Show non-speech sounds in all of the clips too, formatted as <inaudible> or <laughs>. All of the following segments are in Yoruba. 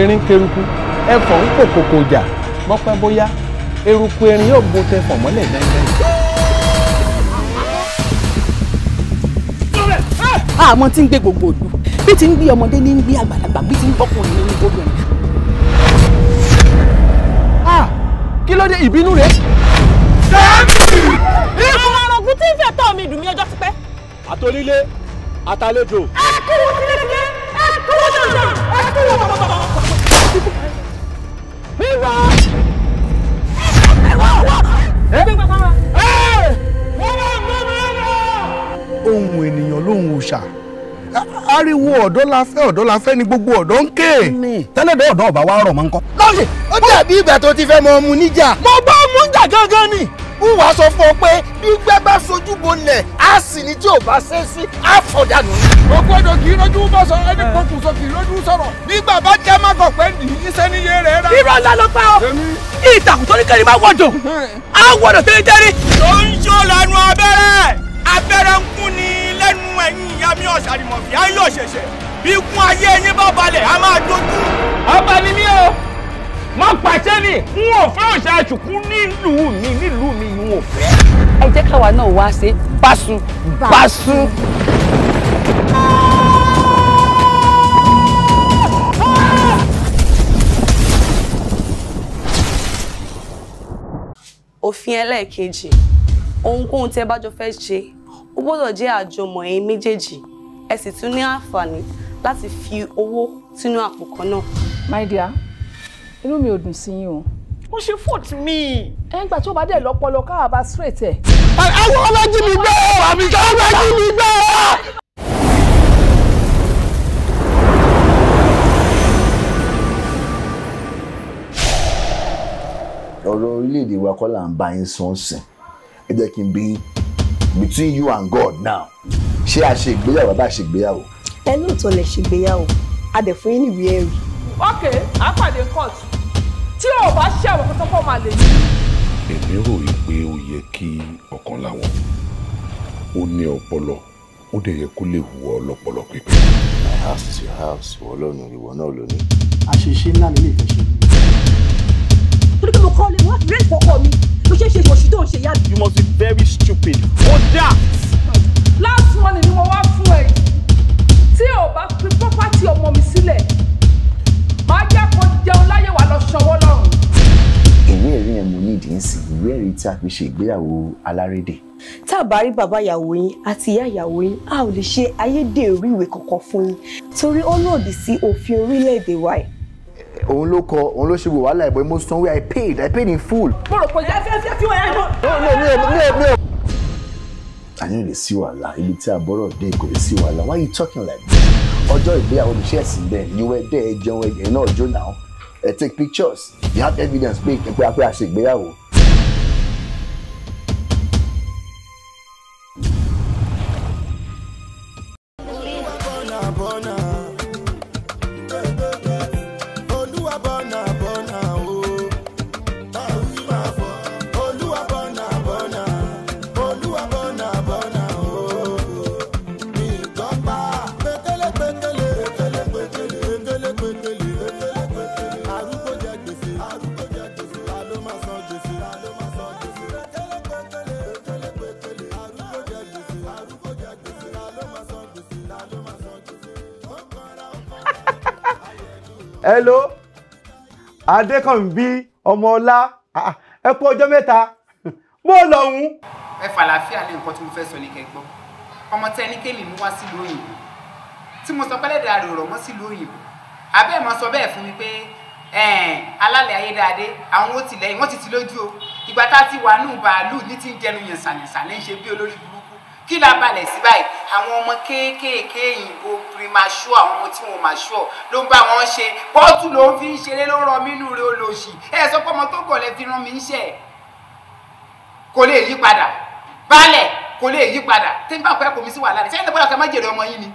erin keruku ẹfọ̀n ń pò kòkò jà mọ́pẹ́ bóyá eruku erin yóò bo tẹfọ̀n mọ́lẹ̀ dẹ́ndẹ́n. Ah, àmọ́ tí ń gbé gbogbo òdu bí ti ń gbé ọmọdé ní ń gbé àgbàlagbà bí ti ń bọ́kùnrin ní ń gbóbìnrin. Ah, kí ló dé ìbínú rẹ. àwọn arọ̀gùn tí ń fẹ́ tọ́ mi dùn mí ọjọ́ ti àtòlílé àtàlejò. a kúrò sílẹ̀. ohun ènìyàn lóhun òòṣà ariwo ọ̀dọ́ la fẹ́ ọ̀dọ́ la fẹ́ ni gbogbo ọ̀dọ́ ń ké tẹ́lẹ̀dọ́ ọ̀dọ́ ọ̀bá wa rọ̀ mọ́ ń kọ́. lọ́sì ó dàbí ìgbà tó ti fẹ́ mọ ọmú níjà. mo bá ọmú níjà gángan ni ń wàá sọ fún ọ pé bí gbẹ́gbẹ́ sojú bo lẹ̀ á sì ní tí ò bá ṣe sí á fọ̀ dànù. ògbọ́dọ̀ kì í lójú bọ́ sọ ẹni kókùn sọ kì í lójú sọ̀rọ̀ nígbà bá jẹ́ má kọ̀ pé nì í sẹ́ni yé rẹ̀ rà. irọ́ ńlá ló pa ọ ìtàkùn tó ní kẹ́rin máa wọ̀dọ̀ á wọ̀dọ̀ tó ní jẹ́rí. ló ń ṣó lẹ́nu abẹ́rẹ́ abẹ́rẹ́ ń kún ni lẹ́nu ẹ̀yìn ìyá mi ọ̀sàrìmọ̀fì á yọ̀ ṣẹ̀ṣẹ̀ bí kún ayé yín bá balẹ̀ á máa dojú. ọba ni mí o mo pàṣẹ ni n ò fẹ́ òṣà àṣùkú nílùú mi nílùú mi n ò fẹ́. ẹ jẹ́ káwa náà wá ṣe báṣu báṣu. òfin ẹlẹ́ẹ̀kejì ohunkóhun tẹ́ bá jọ fẹ́ ṣe ó gbọ́dọ̀ jẹ́ àjọmọ̀ ẹ̀yin méjèèjì ẹ sì tún ní àǹfààní láti fi owó sínú àpò kan náà. my dear inú mi ò dùn sí yín o. ó ṣe fault mi. ẹ ń gbà tí ó bá dẹ̀ lọ́pọlọ káwá bá straight ẹ̀. àwọn ọlọ́jì mi gbẹ́ àmì ká ọlọ́jì mi gbẹ́. ọ̀rọ̀ orílẹ̀-èdè wa kọ́ là ń bá yín sọ sìn ẹ jẹ́ kí n bí between you and God now ṣé a ṣe ìgbéyàwó bá a ṣe ìgbéyàwó. ẹ lóòótọ́ lẹ ṣe ìgbéyàwó a dẹ̀ fún yín níwèé ẹ̀rí. ok a court tí o bá ṣe àwọn kan tó máa lè ní. èmi rò yí pé ó yẹ kí ọkàn làwọn ó ní ọpọlọ ó dẹ̀ yẹ kó lè wù ọ lọ́pọlọ pípé. my house is your house ìwọ lọ́nu ìwọ náà lónìí. àṣìṣe ńlá ni ilé ìfẹsẹ̀ mi. torí pé mo kọ́ lè wá rẹ́ẹ̀dì fọkọ mi ló ṣe é ṣe ìwọ̀sùn tó ń ṣe yá. you must be very stupid. ó dà. last morning ni mo wá fún ẹ tí o bá fi property ọmọ mi sílẹ̀ má jẹ́ kó jẹun láyé wà lọ ṣọwọ́ lọ́rùn. ìwé ẹ̀rí yẹn mo ní ìdí nsìn ìwé ẹ̀rí tí a fi ṣe ìgbéyàwó alárédè. tá a bá rí bàbá ìyàwó yín àti ìyá ìyàwó yín a ò lè ṣe ayédèrú ìwé kankan fún yín torí ó lòdì sí òfin orílẹ̀-èdè wa eh, òun ló kọ òun ló ṣe wò wàhálà ìbọn mo san i paid i paid in full. mo rò pé ẹ fẹ́ fẹ́ fi wọ́n yẹn mọ́. mi ò mi ò mi ò. àní lè sí wàhálà ibi tí a bọ́rọ̀ dé kò lè sí wàhálà why you talking like that ọjọ́ ìgbéyàwó mi ṣe ẹ̀sìn bẹ́ẹ̀ you were there ẹ jẹun ẹ̀yìn náà jó náà take pictures you have evidence pé ìpínpẹ́ apẹ́ àṣègbéyàwó adékànbí ọmọọlá ah, ah, ẹ kú ọjọ́ mẹ́ta bó <laughs> lọ́hùn. ẹ fàlàáfíà lé nǹkan tí mo fẹ́ sọ ní kẹgbọ́ ọmọ tẹ ní kémi mú wá sílùú òyìnbó tí mo sọ pẹ́lẹ́ dàrú rọ̀ mọ́ sílùú òyìnbó abẹ́ mọ sọ bẹ́ẹ̀ fún mi pé alálẹ̀ ayédáadé àwọn ó tilẹ̀ wọ́n ti ti lójú o ìgbà tá a ti wà nù bàálù ní ti ń jẹnu yẹn sàlẹ̀sàlẹ̀ ṣe bí olórí burú kí la balẹ̀ sí báyìí àwọn ọmọ kéékèèké ìbò primasho àwọn ọmọ tí wọn masho ló ń bá wọn ṣe bọ́ọ̀tù ló ń fi ń ṣeré ló ń rọ mínú rẹ olóṣì ẹ sọ pé ọmọ tó kọ̀ lẹ́ fi rán mi ń ṣe kò lè yí padà balẹ̀ kò lè yí padà tí n bá pẹ́ kò mí sí wàhálà ní sẹ́yìn lọ́pọ̀lọpọ̀ má jèrè ọmọ yín ni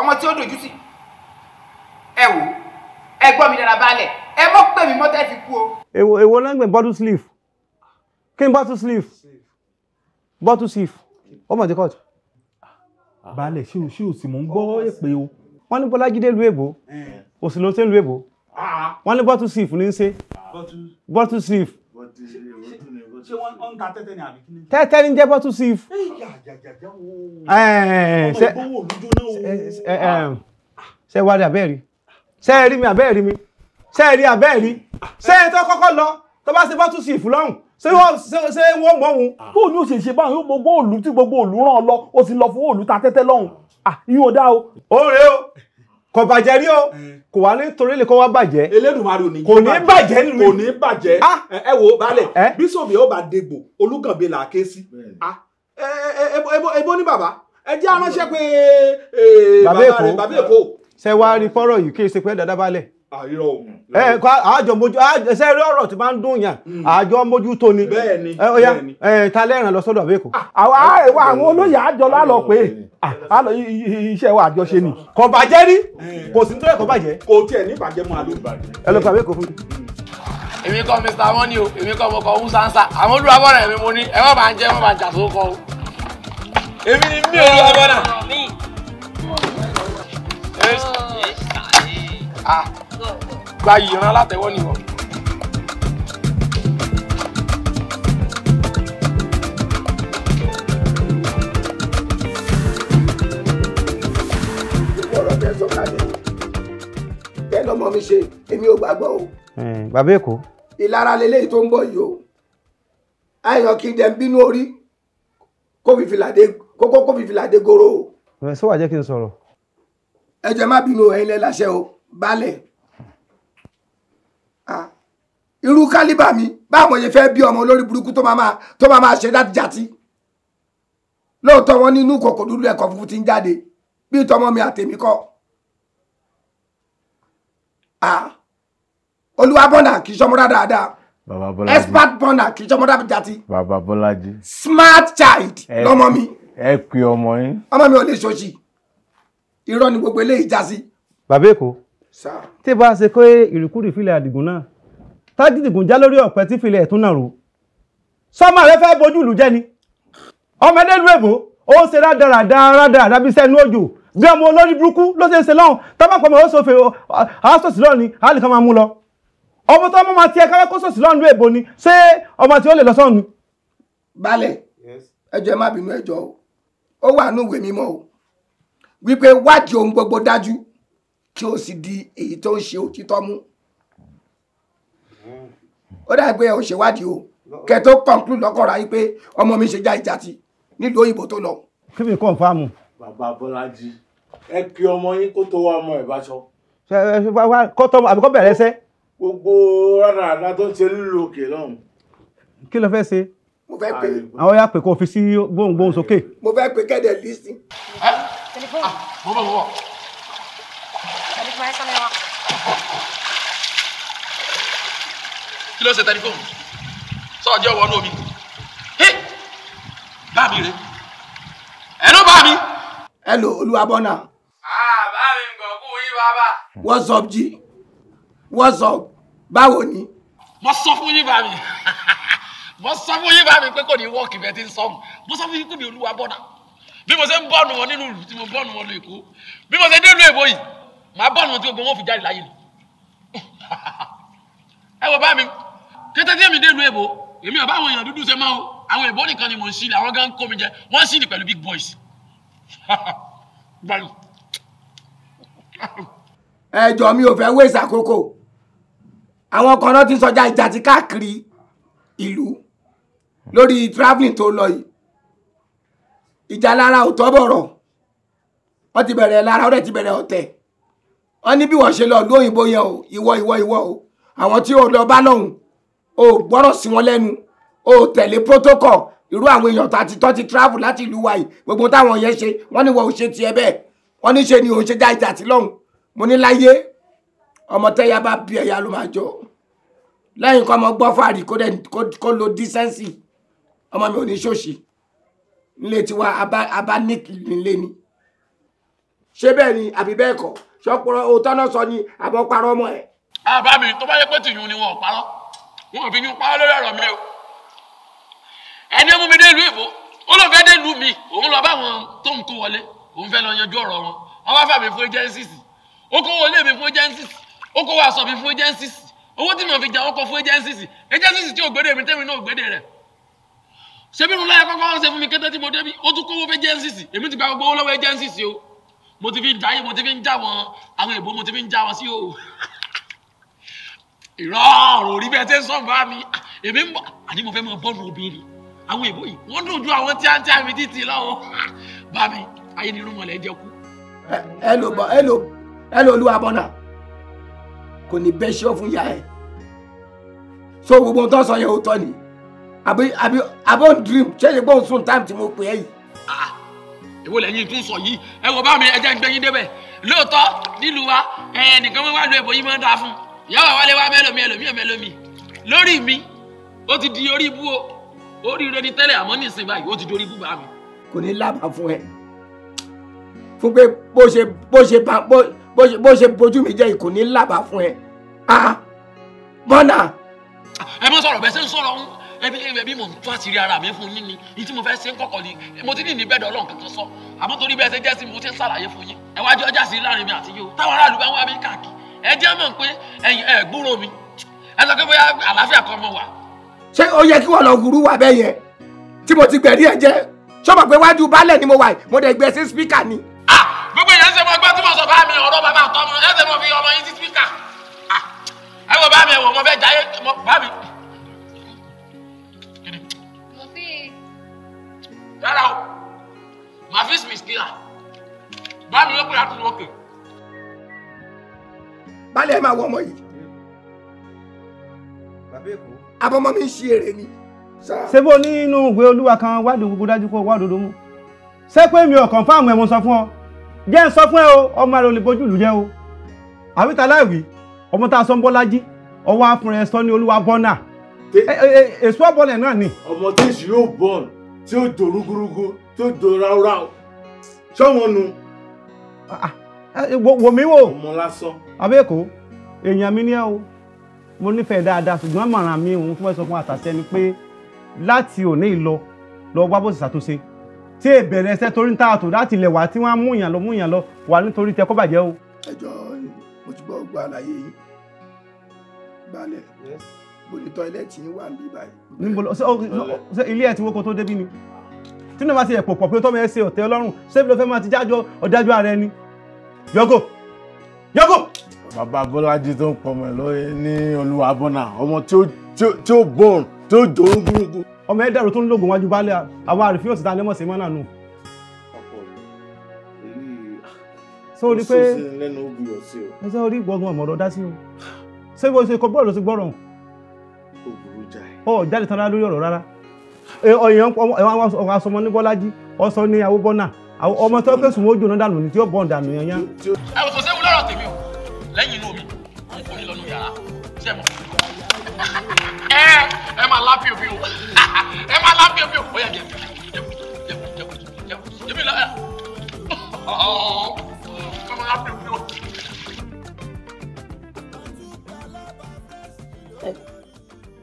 ọmọ tí ó dojú sí ẹ wò ẹ gbọ́ mi dára balẹ̀ ẹ mọ́ pè mọ́tẹ́ fi kú o. èwo èwo ló bottle sleeve kí n bottle sleeve bọ́tù sif ọmọ ti kọ́ọ̀tù. Ah. baálẹ̀ ṣé o ṣé o sì mò ń gbọ́ èpè o. wọ́n ní bọ́lájídé lu èbó òsì ló ṣe ń lu èbó ah. wọ́n ní bọ́tù sif ní í ṣe bọ́tù sif. ṣé wọ́n ń ta tẹ́tẹ́ ni àbí kí ni. tẹ́tẹ́ eh, ní jẹ́ bọ́tù sif. ṣe wá rí abẹ́ẹ̀rí ṣe rí mi abẹ́ẹ̀rí mi ṣe rí abẹ́ẹ̀rí ṣe tó kọ́kọ́ lọ tó bá ṣe bọ́tù sif lọ́hùn ṣé wọ́n ṣe wọ́n mọ̀ òun tó ní òṣè ṣe báyìí gbogbo òlù tí gbogbo òlù ràn lọ ó sì lọ fún òlù ta tẹ́tẹ́ lọ́hùn ìyún ah, ò dá o. ó rè o kò bàjẹ́ rí o eh. kò wá nítorí lè kó wá bàjẹ́ Elédùmarè ò ní kò ní bàjẹ́ nínú kò ní bàjẹ́ ah. eh, ẹ wo balẹ̀ eh? bísọ̀bì ó bá dégbò olúkànbí là á ké sí ah. ebo ní bàbá ẹ jẹ́ aránṣẹ́ pé bàbá rẹ̀ bàbá èkó. ṣe wá rí fọ́rọ̀ yìí kí ẹ ṣe pé dáadáa balẹ̀ ẹ mm. eh, àjọ mojú ẹsẹ rí ọ̀rọ̀ tí máa ń dùn yàn mm. àjọ mojú tó ni eh, eh, ta lẹ́ràn lọ sọ́dọ̀ ah, ah, àwọn olóyè ni. kò bàjẹ́ rí kò sí nítorí kò bàjẹ́. fún mi. èmi Mr o èmi kọ́ mo kọ́ ẹ jẹ́ jà èmi Ah. gba ìran látẹ̀wọ́ nìwọ. bẹ́ẹ̀ lọ́mọ mi ṣe èmi ò gbàgbọ́ o. bàbá èkó. ìlara lélẹ́yìí tó ń bọ̀ yìí o àìsàn kì í dẹ̀ ń bínú orí kó fi fìlàdé kókó kó fi fìlàdé goro o. sọ wàá jẹ́ kí n sọ̀rọ̀. ẹ jẹ́ má bínú ẹ̀yin lẹ́ láṣẹ o balẹ̀ irú kálíbà mi báwo ṣe fẹ́ bí ọmọ olórí burúkú tó máa tó máa ṣe láti jàtí lóòótọ́ wọn nínú kòkò dúdú ẹ̀kọ́ funfun ti ń jáde bí tọmọ mi àtèmi kọ́ olúwa bọ́nà kì í ṣọmọdá dáadáa baba bọ́lájí expert bọ́nà kì í ṣọmọdá jàtí smart child lọ́mọ mi ẹ pè ọmọ yín ọmọ mi ò lè ṣọ́ọ̀ṣì irọ́ ni gbogbo eléyìí já sí. bàbá èkó tí bá ṣe pé ìrìkúrì fìlẹ̀ àdìgún náà tádìdìgún já lórí ọ̀pẹ tí fìlẹ̀ ẹ̀tún náà rò sọ́mọ rẹ fẹ́ bójú ìlú jẹ́ ni ọmọdé lu èbó ó ń ṣe rádaràdà rádaràdà bí sẹ́nu òjò bí ọmọ olórí burúkú ló ṣe ń ṣe lọ́hùn tọ́mọ pọ̀mọ́ ó sòfè àásòsì lọ́ọ̀ni àálìkan máa mú lọ ọmọ tó ọmọ máa tiẹ̀ káwé kó sòsì lọ́ọ̀nù èbó ni ṣé ọmọ tí ó lè lọ sọ́ọ̀nù. balẹ̀ ẹjọ́ ẹ má bínú ẹjọ́ o ó wà ní ìwé mímọ́ o wípé wádìí ohun gbogbo dájú kí o sì di èyí tó ń ṣe òtítọ́ mú ó dà pé ó ṣèwádìí o kẹ tó conclude lọ́kọ̀ọ́ra yìí pé ọmọ mi ṣe já ìjà ti nílùú òyìnbó tó lọ. kí mi kàn fáàmù. bàbá bọ́lájí ẹ kí ọmọ yín kó tó wá ọmọ ẹ̀ bá ṣọ. kó tọ́ àbí kó bẹ̀rẹ̀ ṣẹ́. gbogbo rárá àdá tó ń ṣe nílùú òkè lọ́hùn. kí ló fẹ́ ṣe mo fẹ́ pé. àwọn yà pé kó fi sí gbóhùngbóhùn sókè. mo fẹ́ pé kẹ́dẹ̀ lísìn. Ah, ẹ máa ń sọ mẹ́wàá. kí ló ṣe tẹlifóònù sọ́ọ̀jọ́ wọnú omi bá mi rè ẹ ló bá mi. ẹ lò olúwabọ́nà. àá ah, bá mi gbọ̀ kú what's up G? what's up báwo ni. mo sọ fún yín bá mi <laughs> mo sọ fún yín bá mi pé kò ní wọ́ọ̀kì bẹ́ẹ̀ ti ń sọ́mu mo sọ fún yín pé mi olúwabọ́nà bí mo ṣe ń bọ́ọ̀nù wọn nínú mo bọ́ọ̀nù wọn lọ màá bá àwọn tí gbogbo wọn fi jáde láyé ni ẹ wọ bá mi kété tí èmi dé ìlú èbó èmi ọba àwọn èèyàn dúdú ṣe máa o àwọn èbó nìkan ni mò ń ṣílẹ àwọn gan kó mi jẹ wọn ṣílẹ pẹ̀lú big boys gbalu. ẹ jọ mi ò fẹ́ wé ìsàkókò àwọn kan náà ti sọjá ìjà ti káàkiri ìlú lórí travelling tó lọ yìí ìjà lára ò tọ́ bọ̀rọ̀ wọ́n ti bẹ̀rẹ̀ lára ó dẹ̀ ti bẹ̀rẹ̀ ọ̀tẹ̀ wọ́n ní bí wọ́n ṣe lọ lóyìnbó yẹn o ìwọ ìwọ ìwọ o àwọn tí o lọ bá lọ́hùn o gbọ́rọ̀ sí wọn lẹ́nu o tẹ̀lé protocol irú àwọn èèyàn tá ti tọ́ ti travel láti ìlú wa yìí gbogbo táwọn yẹn ṣe wọ́n ní wọ́n ò ṣe tiẹ̀ bẹ́ẹ̀ wọ́n ní ṣe ni òun ṣe já ìjà sí lọ́hùn mo ní láyé ọmọ tẹ́yà bá bí ẹ̀yà ló máa jọ lẹ́yìn kọ́ ọmọ gbọ́ fàárì kó lo dísẹ́ǹsì ọmọ mi ò ní ṣòṣì nílé tiwa abá nílé ni ṣé bẹ́ẹ̀ ni àbí bẹ́ẹ̀ kọ́ ṣọpọlọ òótọ́ náà sọ ni àbọ̀ parọ́ mọ́ ẹ̀. àbá mi tó bá yẹ pé tìyún ni wọn ò parọ́ wọn ò fi yún parọ́ lórí ọ̀rọ̀ mi o ẹni mú mi dé ìlú ìbò ó lọ fẹ́ dé ìlú mi òun lọ bá àwọn tó ń kó wọlé òun fẹ́ lọ yanjú ọ̀rọ̀ wọn ọwọ́ fà mí fún agencies ó kó wọlé mi fún agencies ó kó aṣọ mi fún agencies owó tí mo fi jà ó kọ fún agencies agencies tí ò gbédè mi tẹ́mi náà gbédè rẹ̀ ṣebí mo láyà kọ́kọ́ ń ṣe fún mi kété tí mo débi ó tún kówó fún agencies èmi ti gba gbogbo owó lọ́wọ́ agencies o mo ti fi ń jayé mo ti fi ń já wọn àwọn èèbó mo ti fi ń já wọn sí o ìrọ̀ ọ̀rọ̀ orí bẹ́ẹ̀ tẹ́ ń sọ̀rọ̀ bá mi èmi ń bọ̀ àní mo fẹ́ mọ bọ́ọ̀lù obìnrin àwọn èèbó yìí wọ́n dùn ju àwọn tíátíá mi títì lọ́wọ́ bá mi ayé nínú mọ̀lẹ́ jẹ́ kú. ẹ ló bọ ẹ ló ẹ ló olúwa bọ́nà kò ní bẹ́ ṣọ́ fún ìyá ẹ̀ so gbogbo ohun tó sọ yẹn ó tọ́ ni àbí àbí àbí on dream ṣé ṣe gbóhùn sùn time tí mo pè é yìí. Ah, èwo lẹ́yìn tún sọ yìí ẹ wò bá mi ẹjẹ́ ń gbẹ́yìn débẹ̀ lóòótọ́ nílùú wa ẹnìkan wọn wá lu èbò yìí máa ń da fún ìyáwó wálé wá mẹ́lòmí ẹlòmí ẹ̀mẹ́lòmí lórí mi ó ti di orí ibú o oríire ni tẹ́lẹ̀ àmọ́ nísìn báyìí ó ti di orí ibú bá mi. kò ní lábà fún ẹ fún pé bó ṣe bó ṣe bá bó ṣe bójú mi jẹ́ kò ní lábà fún ẹ ah bọ́nà. ẹ mọ sọ̀rọ̀ bẹ́ẹ̀ ṣe ń sọ̀rọ̀ ọ̀hún ẹbí ẹbí mò ń tú àṣírí ara mi fún yín ni ní tí mo fẹ́ ṣe ń kọ̀kọ̀ ni mo ti ní ní bẹ́ẹ̀ dọ́lọ́ kankan sọ àmọ́ torí bẹ́ẹ̀ ṣe jẹ́ sí mi mo ti ń ṣàlàyé fún yín ẹ wá jẹ́ ọjà sí láàrin mi àti yìí o táwọn aráàlú bá ń wá mi káàkiri ẹ jẹ́ mọ̀ pé ẹ̀yin ẹ̀ gbúrò mi ẹ sọ pé bóyá àlàáfíà kan mọ̀ wà. ṣé ó yẹ kí wọn lọ gùrú wà bẹ́ẹ̀ yẹn tí mo ti gbẹ̀rí ẹ jẹ́ sọ́mọ̀ pé wájú baálẹ̀ ni mo wà mo dẹ̀ gbẹ sí spíkà ni. gbogbo èèyàn ṣe mọ gbọ́ tí mo sọ bá mi ọ̀rọ̀ bàbá àtọ́ mi ẹ ṣe mọ fi ọmọ yín bá ẹ máa wọ ọmọ yìí. abọ́mọ mi ń ṣe èrè ni. ṣé bó ní inú ìwé olúwa kan wádìí gbogbo dájú kó wádìí òdodo mú ṣé pé mi ò kàn fáwọn ẹ̀mọ́ sọ fún ọ jẹ́ ń sọ fún ẹ o ọmọ rẹ ò lè bójú ìlú jẹ́ o àwítà láìwí ọmọ tá a sọ ń bọ́ lájí ọwọ́ afúnrẹ́ sọ ní olúwa bọ́nà èso ọ̀bọ̀lẹ̀ náà ni. ọmọ tí èsì yóò bọ̀n tí ó dòrúgúrúgú tí ó dòrárá ṣọ́wọ́n nu wò mí wò ọmọ lásán abẹ́ẹ̀kọ́ èèyàn mi ní ẹ o mo nífẹ̀ẹ́ dáadáa ṣùgbọ́n màrán mi òun fún ẹ sọ fún àtàṣẹ ni pé láti òní ìlọ lọ wá bó ṣe ṣàtúnṣe tí ìbẹ̀rẹ̀ ẹsẹ̀ torí ń ta àtò láti ilẹ̀ wá tí wọ́n á mú ìyàn lọ mú ìyàn lọ wà nítorí tẹ kó bàjẹ́ o. ẹjọ mo ti gbọ́ gba àlàyé yìí balẹ̀ bó ni tọ́ilẹ̀tì wà níbí báyìí. ilé ẹ ti wọ́kọ̀ tó débí ni tí náà bá ti ẹ̀pọ̀ pọ̀ pé tọ́mọ ẹ ṣe ọ̀tẹ̀ ọlọ́run ṣébi ló fẹ́ máa ti jájọ ọ̀dájú ara ẹni yọgò yọgò. bàbá bọ́lájí tó ń pọmọ ẹ lóye ní olúwa bọ́nà ọmọ tí ó bọ̀n tí ó jò ń gúrúgú. ọmọ ẹ dàrú tó ń lògùn wájú balẹ̀ àwọn àrífín òsì tánilẹ́mọ̀ sí mọ́nà nù. sórí pé sórí gbọ̀ngàn ọmọ ọ̀dọ́ dá sí o ṣé bó ṣe kọ bọ́ọ̀lù sí gbọ́rọ̀ ọ̀ jáde tán lórí ọ̀rọ̀ rárá ọyàn ọwọ asọmọ ní bọ́lájí ọsọ ní awúbọ́nà ọmọ tó kẹsùn ó jóná dànù ní tí ó bọ̀ dànù yẹn yẹn. ẹ wò kò séwu lọ́rọ̀ tèmi o lẹ́yìn inú mi mo ń forí lọ́nu yàrá ṣé mo. ẹ ẹ máa lábí omi o ẹ máa lábí omi o ó yà jẹ jẹkù jẹkù jẹkù jẹkù jẹbi lọ ẹ ọ máa lábí omi o.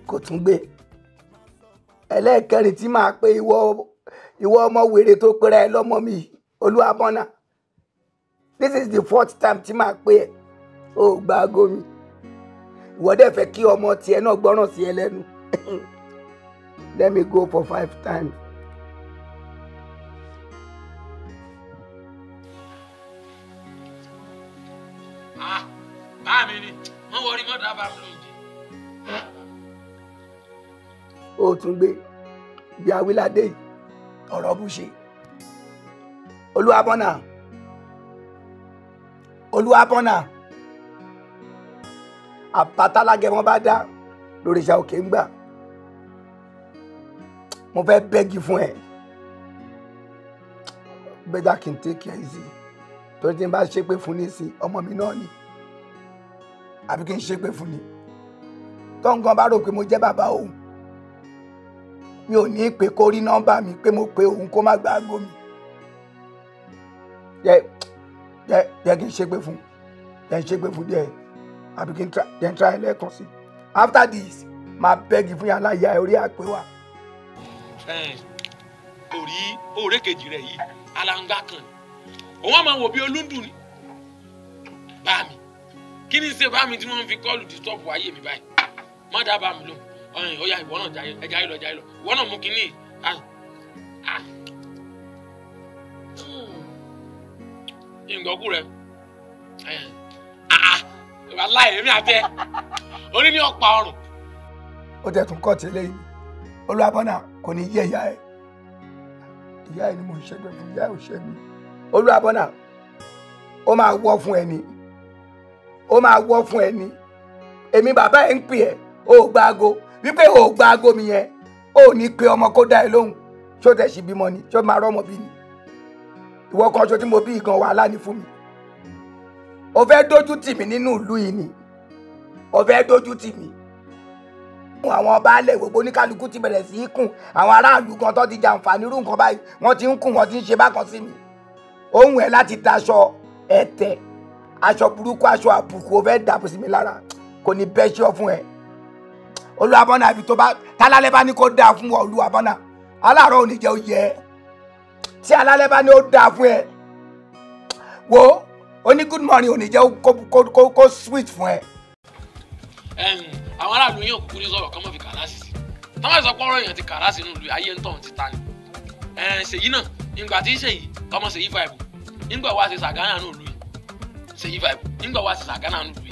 kò tún gbé ẹlẹ́ẹ̀kẹrin tí màá pe ìwọ ìwọ ọmọ wèrè tó pera ẹ lọ́mọ mi olúwabọ́nà this is the fourth time tí màá pe ẹ ó gba aago mi ìwọ dẹ̀ fẹ́ kí ọmọ tiẹ̀ náà gbọ́ràn sí ẹ lẹ́nu <laughs> let me go for five times. Ah, báàmì ni wọ́n wọrí mọ́tò àbámu lòdì ó tún gbé bí awíládé yìí ọ̀rọ̀ bù ṣe olúwabọ́nà olúwabọ́nà àbátálágẹ wọn bá dá lóríṣà òkè ń gbà mo fẹ́ bẹ́gi fún ẹ bẹ́dà kì í take care easy torí tí n bá ṣépè fún ní sí ọmọ mi náà ni àbí kí n ṣépè fún ni tó nǹkan bá rò pé mo jẹ́ bàbá òun mi ò ní ìpè kó rí nọ́mbà mi pé mo pe òun kó má gba aago mi jẹ jẹ jẹ kí n ṣépè fún jẹ n ṣépè fún díẹ̀ àbí kí n tra jẹ n tra ẹ lẹ́ẹ̀kan sí after this máa bẹ́ẹ̀gì fún yàrá ìyá ẹ orí àpè wa. orí òré kejì rẹ yìí alanga kan òun á máa wò bí olúndùn ni bá mi kí ni ṣe bá mi tí wọ́n fi kọ́ọ̀lù disturb ayé mi báyìí má dábàá mi lóhùn ọyàn ọyà ìwọ náà jayé ẹja yìí lọ jayé lọ ìwọ náà mú kínní ah, ah. hmm. ìgbọ́kú rẹ aláì ah, èmi àbẹ orí ní ọ̀pá ọrùn. ó tẹ̀tún kọ́ọ̀tì eléyìí olúwabọ́nà kò ní yé ìyá ẹ̀ ìyá ẹ̀ ni mo ń ṣẹ́gbẹ́ fún ìyá ẹ̀ ò ṣẹ́ mi olúwabọ́nà ó máa wọ́ fún ẹni ó máa wọ́ fún ẹni èmi bàbá ẹ̀ ń pè ẹ́ ó gbáago wípé o gba aago mi yẹn o ní pé ọmọ kó dá ẹ lóhùn ṣó tẹ̀ sí bímọ ni ṣó máa rọ́mọ bí ni ìwọ kan ṣo tí mo bí ìgan wàhálà ní fún mi o fẹ́ dójú tì mí nínú ìlú yìí ni o fẹ́ dójú tì mí fún àwọn baálẹ̀ gbogbo oníkálukú ti bẹ̀rẹ̀ sí í kùn àwọn aráàlú kan tó ti jàǹfààní irú nǹkan báyìí wọ́n ti ń kùn wọ́n ti ń ṣe bákan sí mi. ohun ẹ̀ láti taṣọ ẹ̀tẹ̀ aṣọ burúkú aṣọ àbùkù ó fẹ́ dàbò sí mi lára kò ní bẹ́ṣọ́ fún ẹ̀ olúwabọ́nà àbí tó bá tálálẹ́ bá ní kó dáa fún ọ olúwabọ́nà aláàárọ̀ ò ní jẹ́ oyè ẹ tí alálẹ́ bá ní ó dáa fún ẹ wo ó ní good morning ò ní jẹ́ kó sweet fún ẹ. àwọn aráàlú yóò kú ní sọ̀rọ̀ kọ́mọ́ fi kàrá sí i tọ́mọ̀ sọ pọ́nrọ́ èèyàn ti kàrá sínú ìlú ayé ń tọ̀hún ti ta ni ṣèyí náà ìgbà tí ń ṣèyí tọmọ ṣèyí fàìbù nígbà wá ṣe sàgánà nù lùi ṣèyí fàìbù nígbà wá ṣe sàgánà nù lùi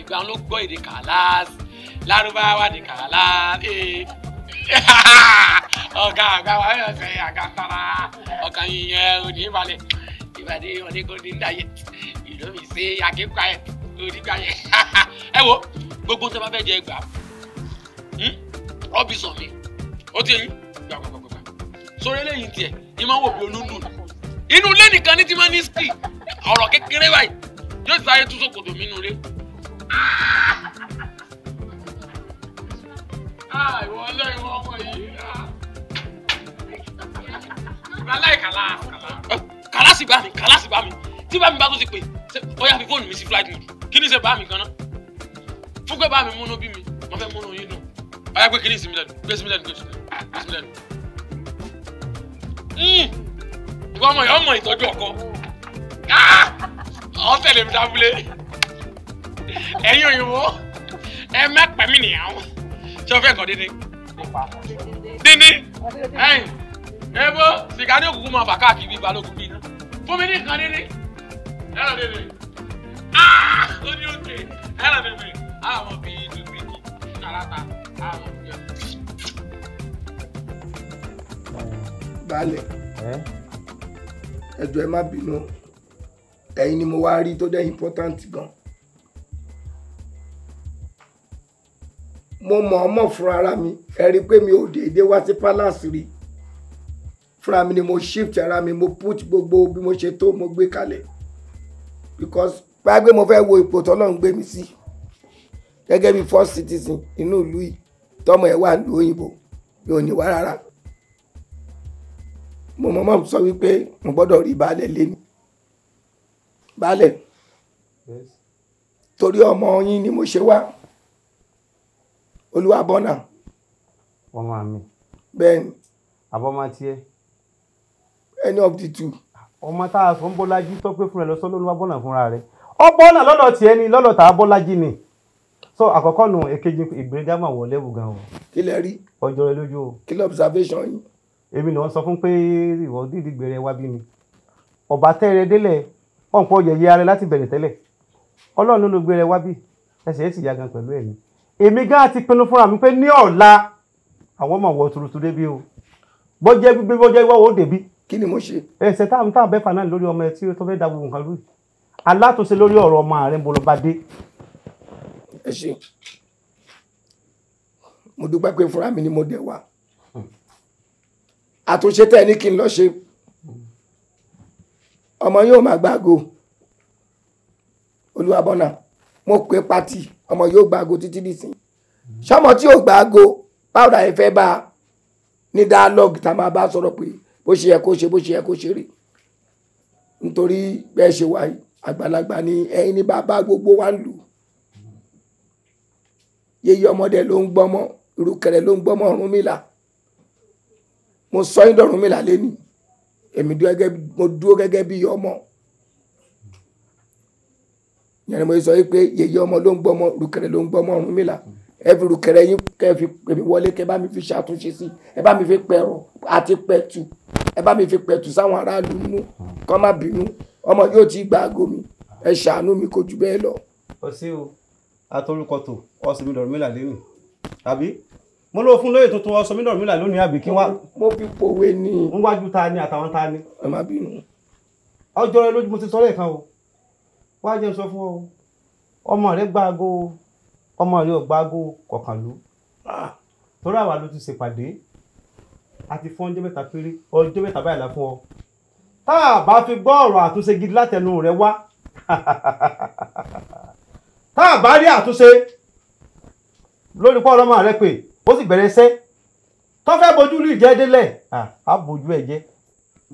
ìgbà wọn ló gbọ́ èdè kàlásì lárúbáwá ni kàlá ee eh. <laughs> ọ̀gá àgbà wa yóò ṣe àgàntara ọkàn yìnyẹn òní ìbàlẹ̀ ìbàdí oníkóni ńláyẹ ìlómi ṣe akíkọ ayẹ oníkọ ayẹ ẹ wo gbogbo tó bá fẹ́ jẹ gbà hmm, ọ́bísọ̀ mi ó ti yín gbàgbàgbàgbà sórí eléyìí tiẹ̀ ni máa ń wò bí olúndù inú ilé nìkan ní ti máa ní ski ọ̀rọ̀ kékeré báyìí yóò sáré tún sókòtò mi nulẹ̀. Ah, ìwọ ọlọ́yin wọn ọmọ yìí aláì ah. kàlá kàlá sì bá mi kàlá sì bá mi tí bá mi bá tó ti pè bóyá fi fóònù mi sí flight mode kí ni ṣe bá mi gan-an fúnkẹ́ bá mi múnú bí mi mo fẹ́ múnú yín dùn ọ̀yá gbé kí ni ìsinmi lẹ́nu gbé ìsinmi lẹ́nu gbé ìsinmi lẹ́nu hmm. ìwọ ọmọ yìí ọmọ ìtọ́jú ọkọ ọ̀ ah! tẹ̀lé òyìnbó ẹ mẹ́pẹ́ mi nìyàwó ṣé o fẹ́ kọ́ dídín dídín ẹ̀yìn ebo sìgá ní òkùnkùn máa fà káàkiri ìgbà lókun bíi iná fún mi ní nǹkan dídín ẹ̀rọ dídín áá ah, ó ní òkè ẹ̀rọ dídín àwọn bíi ìlú bíi kàràtà àwọn bíi ẹ̀rọ. balẹ̀ ẹjọ́ ẹ má bínú ẹ̀yin ni mo wá rí tó dẹ́ important gan mo mọ̀ ọmọ fúnra ara mi ẹ rí i pé mi ò déédéé wá sí palace rí fúnra mi ni mo shift ara mi mo put gbogbo bí mo ṣe tó mo gbé kalẹ̀ because báyìí pé mo fẹ́ wo ipò tọ́lọ́ ń gbé mi sí gẹ́gẹ́ bí first citizen inú ìlú yìí tọmọ ẹ wà ní òyìnbó mi ò ní wá rárá mo mọ̀ mọ́ sọ wípé mo gbọ́dọ̀ rí baálẹ̀ lẹ́nu baálẹ̀ torí ọmọ yín ni mo ṣe wá olúwa bọ́nà. ọmọ mi. bẹ́ẹ̀ni. àbọ̀mọ tiẹ̀. any of the two. ọmọ tá a sọ ń bọ́lájí tó pé fúnra ẹ lọ́sọ́ lólúwa bọ́nà fúnra rẹ̀ ọ bọ́nà lọ́dọ̀ tiẹ̀ ni lọ́dọ̀ tá a bọ́lájí ni so àkọ́kọ́ nu èkejì ìgbéga mà wọ lẹ́wù gan o. kí lẹ rí. ọjọ́ rẹ lójú o. kí lẹ observation yìí. èmi ni wọ́n sọ fún pé ìwọ dídì gbèrè wá bí mi ọba tẹ́rẹ délẹ̀ ọ̀npọ̀ yẹ̀yẹ́ ara láti bẹ̀rẹ̀ tẹ́lẹ̀ ọlọ́run ló gbèrè wá bí ẹsẹ̀ ẹ̀ sì yá gan pẹ̀lú ẹ̀mí èmi gan ti pinnu fúnra mi pé ní ọ̀la àwọn ọmọ wọ tuurutu débi o bọ́jẹ́ gbígbé bọ́jẹ́ ìwọ́ òde bí. kí ni mo ṣe. ẹsẹ̀ tá à ń bẹ́ fàánà lórí ọmọ ẹ tí tó fẹ́ da gbogbo nǹkan lórí alátòsí lórí ọ̀rọ̀ ọmọ rẹ mo lọ bá dé. ẹ ṣe mo dúpẹ́ pé fúnra mi ni mo dẹ̀ wá àtúnṣe tẹ́ ẹ ní kí n lọ ṣe ọmọ yóò máa gbáago olúwabọ́nà mo pè pátì ọmọ yóò gba aago títí dìsín ṣọmọ tí yóò gba aago báwo la yẹ fẹ́ bá a ní dialogue tá a máa bá sọ̀rọ̀ pé bó ṣe yẹ kó ṣe bó ṣe yẹ kó ṣe rí nítorí bẹ́ẹ̀ ṣe wáyé àgbàlagbà ni ẹ̀yin ní bàbá gbogbo wa ń lù yeye ọmọdé ló ń gbọ́mọ ìrùkẹ̀rẹ̀ ló ń gbọ́mọ Ọ̀rúnmìlà mo sọ yín dọ̀rùnmìlà lẹ́nu èmi dúró gẹ́gẹ́ bí ọmọ ìyẹn ni mo sọ pé yèyé ọmọ ló ń gbọmọ rùkẹ̀rẹ̀ ló ń gbọmọ Ọ̀rúnmìlà ẹ fi rùkẹ̀rẹ̀ yín kẹ́ fi pèmí wọlé kẹ́ bá mi fi ṣàtúnṣe sí ẹ bá mi fi pẹ̀rọ àti pẹ̀tù ẹ bá mi fi pẹ̀tù sáwọn aráàlú nínú kọ́ má bínú ọmọ yóò ti gba aago mi ẹ ṣàánú mi kò jù bẹ́ẹ̀ lọ. ó sì o atorúkọ tó ọsùn mi d'Ọ̀rúnmìlà lẹ́nu àbí mo ló fún lóye tuntun ọsùn mi d'Ọ̀rúnmìlà lónìí àbí kí wá. mo fi pòwe ni. ń wájú ta ni àtàwọn ta ni. ẹ má bínú. ọjọ́ rẹ lójú mo ti sọ wá jẹ́ sọ fún ọ ọmọ rẹ gbáago ọmọ rẹ ò gbáago kọkànlú ah. tọ́lá àwa ló ti ṣèpàdé àti fún ọjọ́ mẹ́ta péré ọjọ́ mẹ́ta báyìí la fún ọ tá a bá fi gbọ́ ọ̀rọ̀ àtúnṣe gidi látẹnu rẹ wá <laughs> tá a bá rí àtúnṣe lórí pọ́ ọlọ́mọ rẹ pé ó sì bẹ̀rẹ̀ iṣẹ́ tó fẹ́ bojú lù jẹ́ délẹ̀ á bojú ẹ̀ jẹ́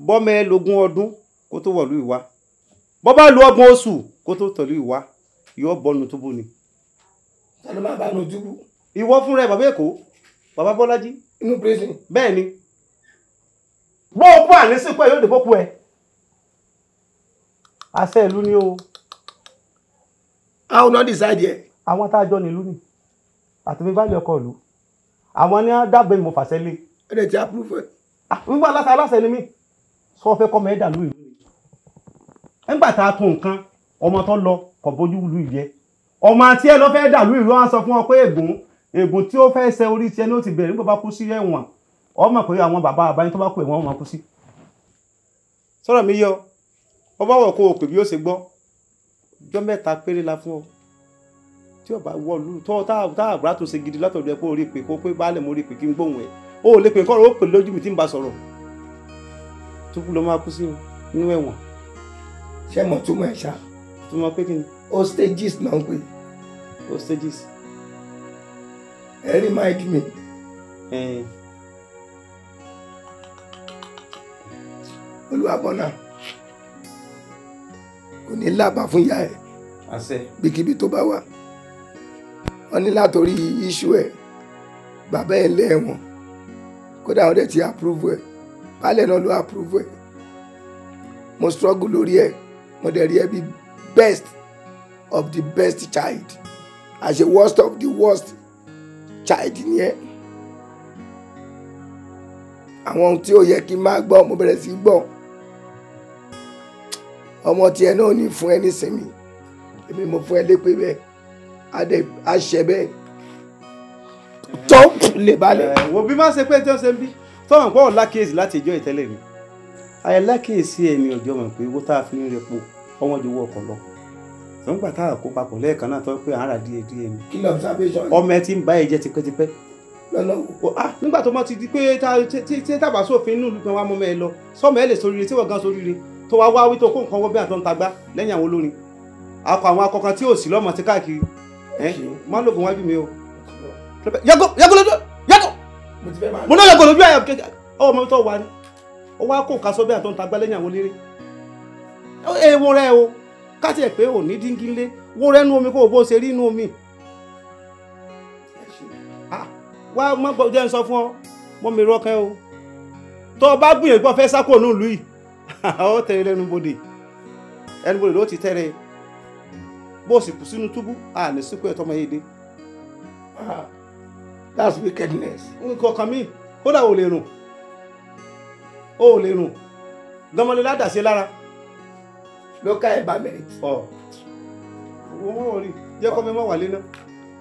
bọ́mọ ẹ lógún ọdún kó tó wọ̀lú ìwà bọ́ lu ọgbọ̀n oṣù kó tó tọ̀lú ìwá yóò bọ́nu túbú ni. sani máa bá nu túbú. ìwọ fúnra ẹ bàbá èkó bàbá bọ́lájí. inú prison. bẹ́ẹ̀ ni bó o kú àní sínkú ẹ yóò dìbò kú ẹ àṣẹ ìlú ni o. a ò náà decide yẹ. àwọn tá a jọ nílùú ni àti mi bá lè ọkọ ìlú àwọn ni dábẹ́ mo fàṣẹ lé. ẹ lè ti approve ẹ. Ah, nígbà aláṣẹ aláṣẹ ni mí sọ fẹ́ kọ́ mẹ́ẹ̀dà lóyún. nígbà tá a tún nǹkan ọmọ tó lọ kò bójú lu ìjẹ ọmọ àti ẹ lọ fẹ́ dàlú ìlú wa sọ fún ọ pé ègún ègún tí ó fẹ́ ṣe orí tiẹ̀ ní ó ti bẹ̀rẹ̀ nígbà bá kú sí ẹ̀wọ̀n ọmọ pé àwọn bàbá àbáyé tó bá kú ẹ̀wọ̀n ọmọ kú sí. sọ̀rọ̀ mi yọ ọ bá wọ̀ kó o pè bí ó ṣe gbọ́ ọjọ́ mẹ́ta péré la fún ọ tí ọba wọlú tó tá àgbà tó ṣe gidi látọ̀dọ̀ ẹ kó o rí pé kó o pé baálẹ̀ mo rí pé kí n gbóhùn ẹ o ò lè pè kọ́rọ̀ ó pè lójú mi tí n bá sọ̀rọ̀ tó kú lọ máa kú sí inú ẹ̀wọ̀n. ṣé mo túmọ̀ ẹ̀ ṣáà tó mọ pé kí ni. hostages náà ń pè. hostages. ẹ rí mind mi. olúwàbọ̀nà kò ní lábà fún ìyá ẹ̀ bíkíbi tó bá wà wọ́n ní látòrí iṣu ẹ̀ bàbá ẹ̀ lẹ́ẹ̀wọ̀n kódà wọ́n dẹ̀ ti approve ẹ̀ baálẹ̀ náà ló approve ẹ̀ mo struggle lórí ẹ̀ mo dẹ̀ rí ẹbí best of the best child as a worst of the worst child nìyẹn àwọn ohun tí ó yẹ kí n máa gbọ́ mo bẹ̀rẹ̀ sí gbọ́ ọmọ tiẹ̀ náà ní fún ẹ nísìnyí èmi mo fún ẹ lépè bẹ́ẹ̀ á ṣẹ bẹ́ẹ̀ tó lè balẹ̀. wo bí má ṣe pé tí wọ́n ṣe ń bí tọ́wọ̀n gbọ́ ọ̀ lákèésí láti ìjọ ìtẹ́lẹ̀ mi àyẹ̀ lákèésí ẹ̀ ní ọjọ́ mọ̀ pé owó tá a fi ń repo ọwọ́n ju owó ọkọ̀ lọ nígbà tá a kó papọ̀ lẹ́ẹ̀kan náà tó pé à ń ra díẹ̀ díẹ̀ ni. kí lọ sábẹ́sọ̀. ọmọ ẹ ti ń bá ẹ jẹ tipẹ́tipẹ́. lọ́lọ́wọ́. Ah, nígbà tó mọ ti di pé tí tábà sófin inú ìlú kan wá mọ́ mẹ́ ẹ lọ sọ́mọ ẹ lè soríire tí wọ́n gan soríire tó wá wá wí tó kó nǹkan wọ́n bí àtọ́ ń tagbá lẹ́yìn àwọn olórin akọ àwọn akọkan tí ò sí lọ́mọ ti káàkiri ẹ má lóògùn wájú mi o. yàgò yàgò lójú yàgò mo náà yàgò lójú ẹ ọmọ mi tó wà ní ó wá kó nǹkan sọ bí àtọ́ ń tagbá lẹ́yìn àwọn olórin ẹ wo rẹ o káti ẹ pé ò ní díngí lé wo rẹ nu omi kó o bó ṣe rí nu omi ah, wá mọ gbọ jẹ́ n sọ fún ọ mọ mi rọkẹ́ o tó o bá gbìyànjú pọ̀ fẹ́ sákò ní ìlú yìí <laughs> ó tẹ̀lé lẹ́nu bodè ẹnu bodè ló ti tẹ̀lé bó o sì kù sínú túbú a lè sínkú ẹ̀ tọmọ yìí dé. Ah, that's wickedness. nǹkan kan mi kódà ò lè rùn ò lè rùn gọmọléládàsí lára local environment. ọ wo wọn ò rí jẹ kọ́ mi mọ̀ wálé náà.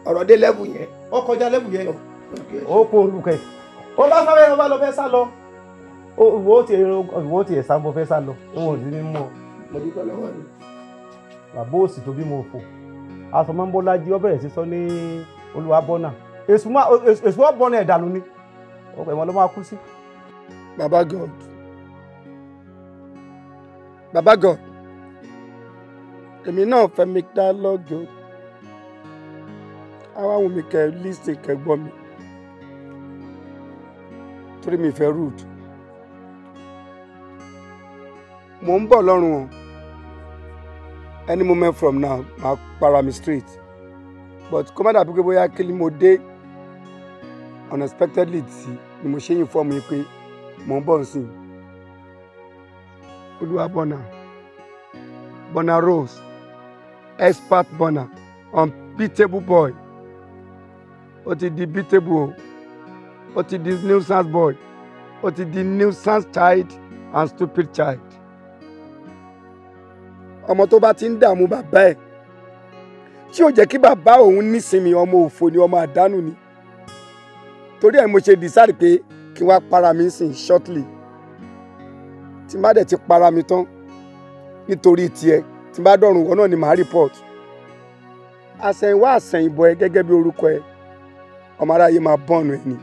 ọ̀rọ̀ dé lẹ́bù yẹn. ó kọjá lẹ́bù yẹn. ó kó olùkẹ́ ó bá sáré ẹran bá lọ fẹ́ sá lọ ìwọ ti ìwọ ti ẹ̀sán bọ́ fẹ́ sá lọ ìwọ ti ní mọ́. mo dúpẹ́ lọ́wọ́ mi. bàbá òsì tó bí mo fò aṣọ máa ń bọ́ lájí ọ bẹ̀rẹ̀ sí sọ ní olùwàbọ̀nà èsù ọ̀bọ̀nà ẹ̀dà lóní ọ̀pọ̀ ẹ̀wọ̀n ló máa kú sí. baba god baba god èmi náà fẹ́ make dialogue o àwa wù mí kẹ́ lísì kẹ́ gbọ́ mi torí mi fẹ́ rude mò ń bọ̀ lọ́rùn o any moment from now màá para mi straight but kó má dàbí pé bóyá kí ni mo dé unexpectedly tí ni mo ṣe yín fọ́ mi pé mò ń bọ̀ sí i olúwa bọ̀nà bọ̀nà rose expert burner unbeatable boy ó ti di beatable o ó ti di nuisance boy ó ti di nuisance child and stupid child. ọmọ tó bá ti ń dààmú bàbá ẹ̀ tí ò jẹ́ kí bàbá òun nísinmi ọmọ òfò ni ọmọ àdánù ni torí ẹ̀ mo ṣe decide pé kí n wá para mi sìn shortly tí má dẹ̀ ti para mi tán nítorí tiẹ̀ tí n bá dọ̀rùn wọn náà ni màá report àsẹ̀yìnwá àsẹ̀yìnbọ̀ ẹ gẹ́gẹ́ bí orúkọ ẹ ọmọ aráyé máa bọ́ọ̀nù ẹ ni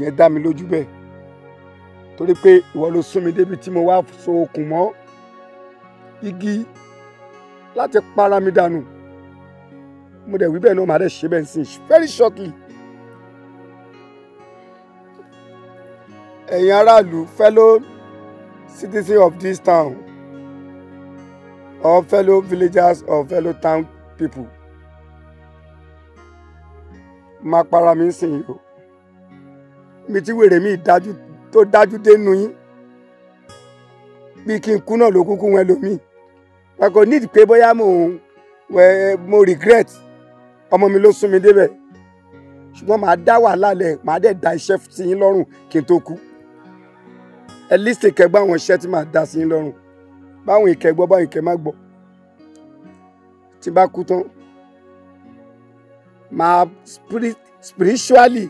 yẹn dá mi lójú bẹ́ẹ̀ torí pé ìwọ ló sún mi débi tí mo wá so okùn mọ́ igi láti para mi dànù mo dẹ̀ wí bẹ́ẹ̀ náà màá dẹ̀ ṣe bẹ́ẹ̀ sí very shortly. ẹ̀yin aráàlú fellow citizens of this town or fellow villagers or fellow town people máa para mi sìn yìí o mi ti wèrè mi dájú tó dájú dénú yín bí kí n kú ló kúkú wọn lómi wọn kò ní pé bóyá mo wẹ mo regret ọmọ mi ló sún mi débẹ̀ ṣùgbọ́n màá dá wàhálà lẹ̀ màá dẹ̀ da iṣẹ́ sí yín lọ́rùn kí n tó kú at least ìkẹgbọ́ àwọn iṣẹ́ tí màá dá sí yín lọ́rùn báwọn ìkẹgbọ́ báwọn ìkẹ má gbọ́ tí bá kú tán màá spirit spiritually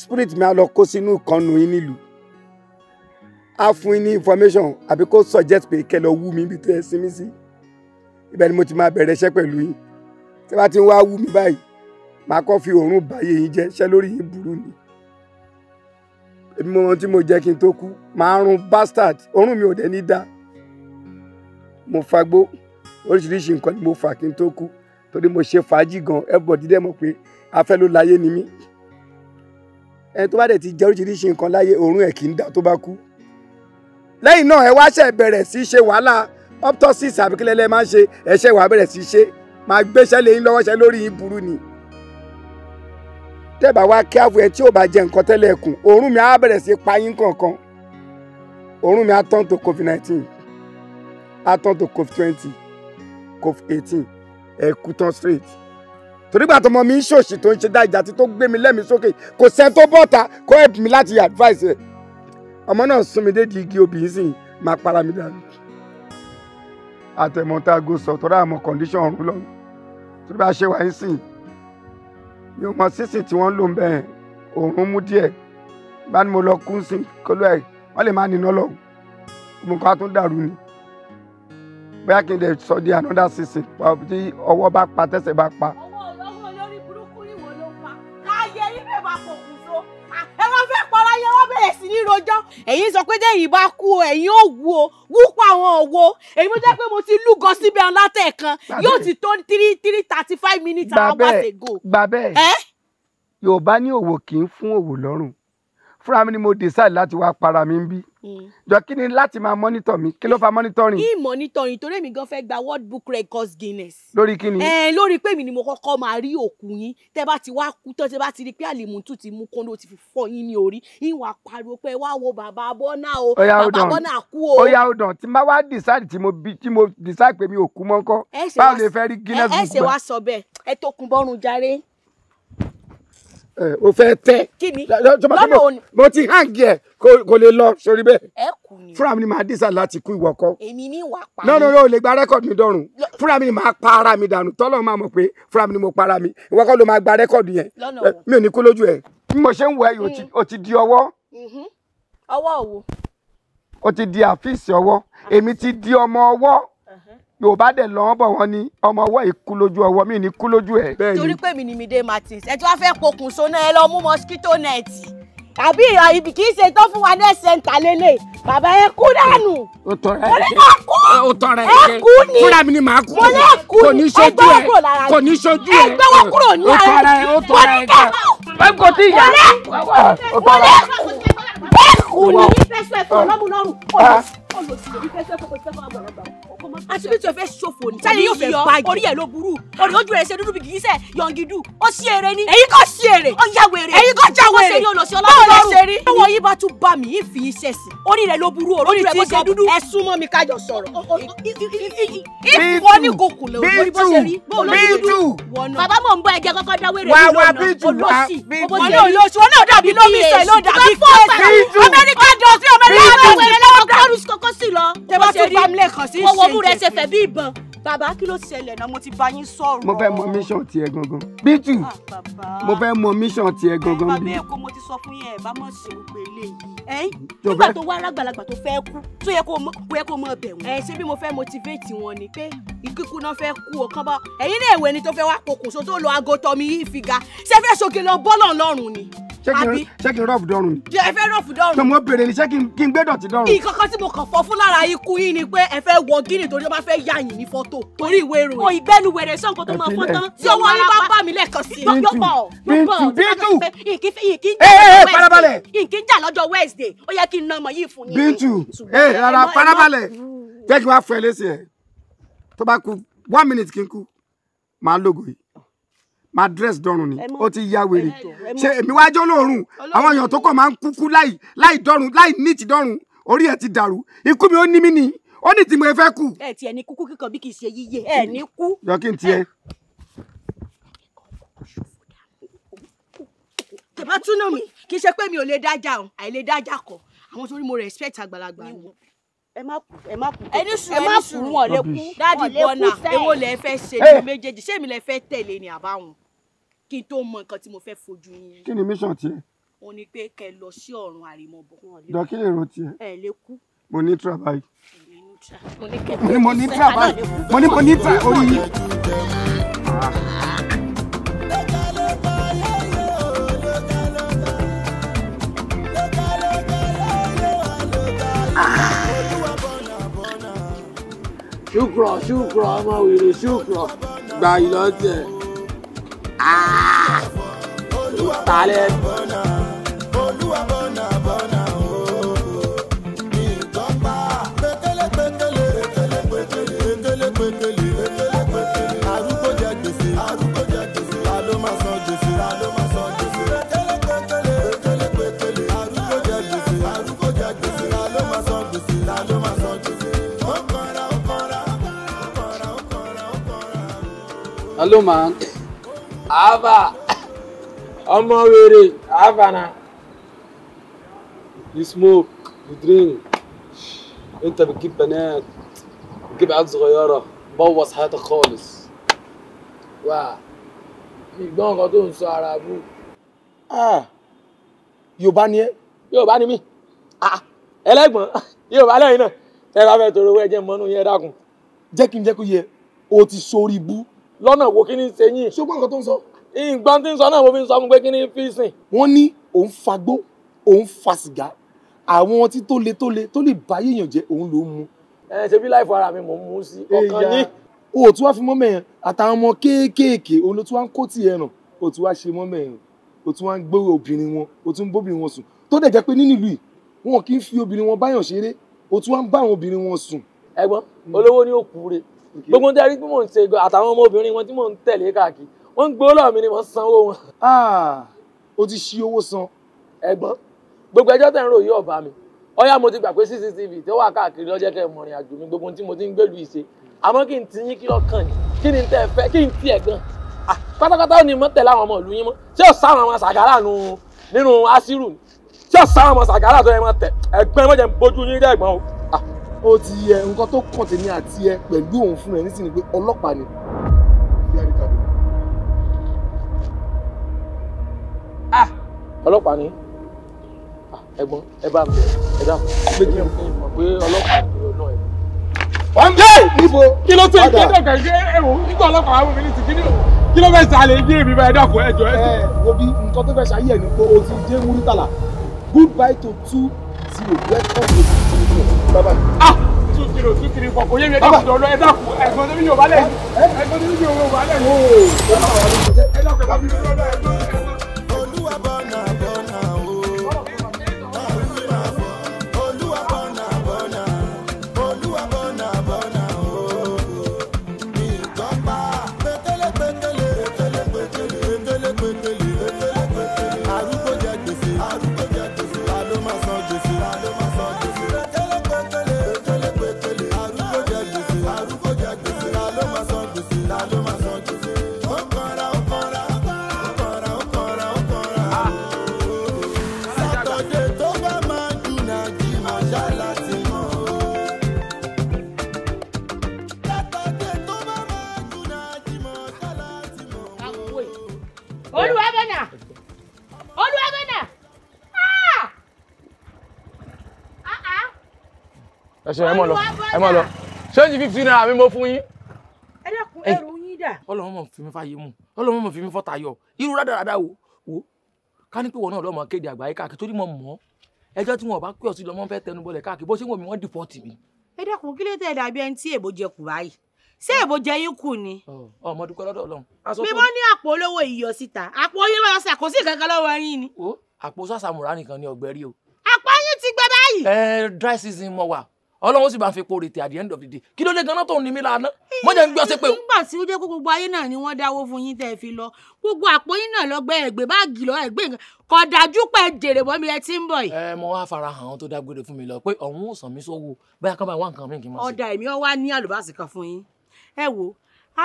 spirit mi á lọ kó sínú ìkànnù yín nílùú á fún yín ní information àbí kó suggest pé kẹ́ lọ wú mi bí tẹ́ ẹ sinmi sí ibẹ̀ ni mo ti máa bẹ̀rẹ̀ iṣẹ́ pẹ̀lú yín tí bá ti ń wá wú mi báyìí màá kọ́ fi òórùn báyé yín jẹ́ iṣẹ́ lórí yín burú ni èmi mọ tí mo jẹ kí n tó kú màá run bastard orun mi ò dẹ̀ ní dá mo fagbó oríṣiríṣi nǹkan ni mo fà kí n tó kú torí mo ṣe fàájì gan everybody dẹ̀ mọ̀ pé afẹ́ ló láyé ni mí ẹni tó bá dẹ̀ ti jẹ oríṣiríṣi nǹkan láyé orun ẹ̀ kì í dá tó bá kú lẹ́yìn náà ẹ wá ṣe bẹ̀rẹ̀ sí ṣe wàhálà optosis àbíkílẹ̀ lẹ́ẹ̀ máa ń ṣe ẹ̀ṣẹ̀ wàá bẹ̀rẹ̀ sí ṣe máa gbéṣẹ́ lé yín lọ́wọ́ṣẹ́ lórí yín burú ni tẹ́ẹ̀bà wá kí àfọ̀ ẹ tí ò bá jẹ nǹkan tẹ́lẹ̀ ẹ̀kùn òórùn mi á bẹ̀rẹ̀ sí pa yín kankan òórùn mi á tán tó covid nineteen á tán tó covid twenty covid eighteen ẹ̀kú tán straight torígbà tó mọ mi ń ṣòṣì tó ń ṣe dá ìjà tí tó gbé mi lẹ́mìí sókè kò sẹ́ni tó bọ́ta kó help mi láti advice ẹ̀ ọmọ náà sún mi dédìí igi obì yìí sì máa para mi dànù àtẹ̀mọ́ta go sọ tọ́ra àmọ́ condition ọ̀run lọ́run torí bá ṣe wà sìn mi ò mọ sísì tí wọ́n lò ń bẹ́ẹ̀ òórùn mú díẹ̀ bá ní mo lọ kú sí kólú ẹ̀ wọ́n lè má níná lọ mo kọ́ tún dàrú ni bóyá kí n lè sọ di another sísì tí ọwọ́ bá pa tẹ́sẹ̀ bá pa. ọwọ́ olórí burúkú ni ló pa káyé ibẹ̀ bá pọ̀ kú bẹ̀rẹ̀ sí ní rojọ́ ẹ̀yin sọ pé dẹ́yìn bá kú o ẹ̀yin ò wú o wúkọ àwọn òwò èyí mo jẹ́ pé mo ti lúgọ síbẹ̀ ọ̀n yóò ti tó three three thirty five minutes àwọn wá ṣe go. gbàbẹ́ yorùbá ní òwò kì í fún òwò lọ́rùn fúnra mi ni mo decide láti wá para mi ń bí Mm. jọ kí ni láti máa mọ́nítọ̀ mi kí ló fa mọ́nítọ̀rìn. yìí mọ́nítọ̀rìn torí èmi gan fẹ́ gba world book records guinness. lórí kí ni. ẹ lórí pé èmi ni mo kọ́kọ́ máa rí òkú yín tẹ́ bá ti wá kú tán tẹ́ bá ti rí pé àlèmùtù ti mú kóńdó ti fi fọ́ yín ní orí yín wàá pariwo pé wá wo bàbá bọ́nà o bàbá bọ́nà kú o. oya o dàn tí n wá decide tí mo bí tí mo decide pé mi ò kú mọ́ ẹ ṣe wá sọ bẹ́ẹ̀ ẹ tó kun bọ́run jàre. Eh, o fẹ́ tẹ́ lọ́nà òní. mo ti hangi ẹ kò lè lọ sórí bẹ́ẹ̀. ẹ kù ni. fúnra mi ni màá dísà láti kú ìwọ kọ. èmi ní wàá pa mi. lọ́nà yóò lè gba rẹ́kọ̀dì mi dọ̀rùn fúnra mi ni màá pa ara mi dànù tọ́lọ́ máa mọ̀ pé fúnra mi ni mo pa ara mi ìwọ kọ́ ló máa gba rẹ́kọ̀dì yẹn eh, mi ò ní kú lójú ẹ. bí mo ṣe ń wọ ẹ mm. o ti di ọwọ́. Mm-hmm. ọwọ́ òwò. o ti di àfíìsì ọwọ́ ah. èmi ti di ọmọ ọwọ́ yorùbá dẹ̀ lọ́wọ́ bọ̀ wọ́n ní ọmọ ọwọ́ ìkú lójú ọwọ́ mi ní kú lójú ẹ̀. torí pé mi ni Mide Martins ẹ tí wàá fẹ́ pokùnso náà ẹ lọ mú mosquito net àbí ibi kì í ṣe tán fún wa net center lélẹ̀ bàbá ẹ kú dànù. o tọrọ ẹ kẹ o tọrọ ẹ kẹ fúnra mi ni màá kú kò ní ṣojú ẹ kò ní ṣojú ẹ o tọrọ ẹ o tọrọ ẹ kẹ ẹ kò tí ì yá o tọrọ ẹ kú ni àti bí tí o fẹ́ ṣòfò ní. sẹ́ni yóò fẹ́ báyìí orí ẹ̀ ló burú orí ojú rẹ̀ ṣe dúdú bí kìí sẹ̀ yọ̀ǹgìdù ó sí èrè ni. èyí kò sí èrè. ó ya wèrè. èyí kò já wèrè. ó ṣe yóò lọ sí ọlọ́run lọ́rùn. báwo yìí bá tún bá mi yìí fi iṣẹ́ sí. orí rẹ̀ ló burú orí rẹ̀ bó ṣe dúdú. ẹ súnmọ́ mi kájọ sọ̀rọ̀. ìfọ̀ ní kòkò lè wọ́n bó ṣe rí. bàbá mò ń bọ ẹ̀jẹ̀ kọ́kọ́ dáwéré lórí ọmọ olóṣì fẹ́ ṣe fẹ́ bàbá kí ló ṣẹlẹ̀ náà mo ti bá yín sọ̀rọ̀. mo fẹ́ mọ mission tiẹ̀ gangan bítù ah, mo fẹ́ mọ mission tiẹ̀ gangan bí. bàbá ẹ̀kọ́ mo ti sọ fún yẹn ẹ̀ bá mọ̀ ṣe gbogbo eléyìí. nígbà tó wá arágbàlagbà tó fẹ́ kú tó yẹ kó o mọ bẹ̀ wọ́n. ẹ ṣé bí mo fẹ́ motivate wọn ni pé ikíkú náà fẹ́ kú o kán bá ẹ̀yin náà èwe ni tó fẹ́ wá pokùnso tó lọ aago tọmi yìí figa ṣé fẹ́ sókè lọ bọ́lọ̀ lọ́rùn ni àbí ṣé kí n rọ́ọ̀fù dọ́rùn ni. jẹ ẹ fẹ́ rọ́ọ̀fù dọ́rùn. tó mo béèrè ni ṣé kí n gbé dọ̀tí dọ́rùn. ìkọ̀kọ̀ tí mo kàn fọ́ fún lára ikú yín ni pé ẹ fẹ́ wọ gíní torí ó bá fẹ́ yá ní fọ́tò ètò torí ìwé ìròyìn. o ìgbẹ́nu wẹ̀rẹ̀ sọ nǹkan tó máa fọ́n tán tí owó orí bá bá mi lẹ́ẹ̀kan sí i. yóò pọ̀ yóò pọ̀ bíntu bíntu ìkín jà lọ́jọ́ Wednesday ó yẹ kí n nọmọ yìí fún yín. bíntu ẹ rárá farabalẹ̀ jẹ́ kí n wá fọ ẹ lẹ́sìn ẹ̀ tó bá ku one minute kí n kú máa lógo yìí máa dress dọrùn ni ó ti ya wèrè ṣe èmi wá jó lóorùn àwọn èèyàn tó kọ̀ máa ń kúkú láì láì dọrùn láì níìtì dọrùn orí ẹ̀ ti dàrú ikú mi ó ní mí nìyí ó ní tí mo fẹ́ kú. ẹ tiẹ̀ ní kúkú kíkan bí kì í ṣe yíyẹ ẹ ní kú. yọ kí n tiẹ̀. tẹ̀bá túnú mi kì í ṣe pé mi ò lè dájà o àìlè dájà kọ àwọn torí mo respect àgbàlagbà ni ẹ má kú ẹ má kú ẹ ní sùn ẹ má kú wọn lè kú dáàdì bọ́nà èwo lẹ fẹ́ ṣe ní méjèèjì ṣé èmi lẹ fẹ́ tẹ̀lé ni àbáwọn kí n tó mọ nǹkan tí mo fẹ́ fojú yín. kí ni mission tiẹ̀. òun ni pé kẹ́ lọ sí ọ̀run àrèmọbọ. dọkílẹ̀ èrò tiẹ̀. ẹ lè kú. mo ní trabai. Mm mo ní mo ní tra báyìí mo ní mo ní tra orí yìí. ṣùkúrọ̀ ṣùkúrọ̀ ọmọ wèrè ṣùkúrọ̀ gba ìlọ́tẹ̀. Ah! Talent. Hello, man. Ava. Ọmọ wèrè. Ava na. You smoke, you drink. أنت بتجيب بنات، بتجيب عيال صغيرة، بوظ حياتك خالص. Wà ìgbọ́n nǹkan tó ń sọ ara bú. Ah. Yorùbá ni ẹ́. E? Yorùbá ni mí. Ah, ah. Ẹlẹ́gbọ̀n <laughs> Yorùbá lẹ́yìn náà. Ẹ bá fẹ́ tọrọ owó ẹ̀jẹ̀ mọ́nú yẹn dákun. Jẹ́ kí n jẹ́ kó yẹ, o ti sórí bú lọ́nà wo kí ni ṣe yín. ṣùgbọ́n nǹkan tó ń sọ. nǹkan tí ń sọ náà mo fi ń sọ fún pé kí ni fi sìn. wọ́n ní òun fagbó òun fa sìgá àwọn ọtí tó le tó le tó lè bá yéèyàn jẹ òun ló mu. ẹ ṣe bí láì fọ ara mi mò ń mú sí ọkàn ní. o ò tún wá fi mọ́mọ́ yẹn àtàwọn ọmọ kéékèèké òun ló tún wá ń kó tì ẹ̀ràn o tún wá ṣe mọ́mọ́ yẹn o tún wá ń gbé obìnrin wọn o tún ń bóbìnrin wọn sùn tó dẹ̀ jẹ́ pé nínú ìlú yìí wọn kì í fi obìnrin wọn báyàn ṣeré o tún wá bá àwọn obìnrin wọn sùn. ẹ̀gbọ́n olówó ni ó kú gbogbo ń tẹ́rí pé mò ń ṣe àtàwọn ọmọbìnrin wọn tí mò ń tẹ̀lé káàkiri wọ́n ń gbowó lọ́wọ́ mi ni wọ́n sanwó wọn. Ah, o ti ṣi owó san. ẹ̀gbọ́n gbogbo ẹjọ́ tẹ̀ ń ròyìn ọ̀bá mi ọ̀yá mo ti gbà pé cctv tó wà káàkiri lọ́jọ́ kẹ́ mọ̀rìn àjò mi gbogbo tí mo ti ń gbèlú ìṣe àmọ́ kí n ti yín kí lọ́kàn ni kí ni tẹ́ ẹ fẹ́ kí n tiẹ̀ gan ah, pátápátá ò ní mọ́ tẹ̀lé àwọn ọmọ ìlú yín mọ́ ṣé ò sáwọn ọmọ sàgárà nínú asiru ṣé ò sáwọn ọmọ sàgárà tó yẹ mọ́ tẹ̀ ẹ̀gbọ́n mọ́jẹ̀ bójú yín dẹ́gbọ́n o ó ti yẹ nǹkan tó kàn tèmi àti ẹ pẹ̀lú òun fún ẹ nísìnyí pé ọlọ́pàá ni. ọlọ́pàá ni ẹ̀gbọ́n ẹ bá mi ẹ dá mi méjì mọ̀ pé ọlọ́pàá ni ọ̀nà ẹ̀. wọ́n dé níbo. kí ló tó ń gbé dọ̀gà ṣe ẹ̀wò nígbà ọlọ́pàá àwọn obìnrin ti kíní o kí ló fẹ́ sàlẹ̀ ní èmi bá ẹ dàpọ̀ ẹjọ́ ẹ. ẹ wo bí nǹkan tó fẹ́ ṣàyẹ̀ ni pé o ti dé múrítàlà goodbye to two zero lẹ́tọ̀ ní ìdílé bàbá. ah two zero two three four kò yé mi ẹ dákun dọ̀lọ́ ẹ dákun ẹ̀gbọ́n tó ní yóò bá lẹ́yìn tó ní yóò bá ẹ dákun ẹ bá mi lọ́dọ̀ ẹ̀gbọ́n. ẹ ṣe ẹ mọ̀ lọ ẹ mọ̀ lọ ṣéǹjì fifty naira mi mo fún yín. ẹ dákun ẹrù yín dà. ọlọ́run mọ̀ fi mi fàyè mu ọlọ́run mọ̀ fi mi fọ́ta yọ irú rádaràda wo wo ká ní pé wọn náà lọ́mọ kéde àgbáyé káàkiri torí mo mọ̀ ẹjọ́ tí wọn bá pè ọ́ sí lọ́mọ fẹ́ tẹnu bọ́lẹ̀ káàkiri bó ṣe wọ̀ mí wọ́n dìpọ́tì mi. ẹ dákun kí ló tẹ̀ dàbí ẹni tí èbó jẹ kù báyìí ṣé èbó jẹ yín kù ni. ọmọ dúpẹ́ lọ́dọ̀ ọlọ́run. mímọ́ ní àpò olówó ìyọ̀ síta àpò yín lọ́yọ̀ sí àkóso ìkankan lọ́wọ́ yín ni. àpò sàṣàmùrà nìkan ni ọ̀gbẹ́rí o. àpò yín ti gbẹ báyìí. ẹ dry season mo wà ọlọ́run sì bá fi po rètè at the end of the day kí ló dé ganan tó ń ní mi lànà mo jẹ́ ń gbọ́ sí pé. nígbà tí ó jẹ́ pé gbogbo ayé náà ni wọ́n dáwó fún yín tẹ́ ẹ fi lọ gbogbo àpò yín náà lọ́gbẹ́ ẹ̀gbẹ́ báàgì lọ ẹ̀gbẹ́ nǹkan kò dájú pé jèrè bọ́ mi ẹ ti ń bọ̀ yìí. ẹ mo wá fara hàn án tó dágbére fún mi lọ pé ọ̀hún ò sàn mí sówó báyà kán bá wà nǹkan mi kì í mọ̀ sí. ọ̀dà èmi wá ní àlùbáàsì kan fún yín ẹ wo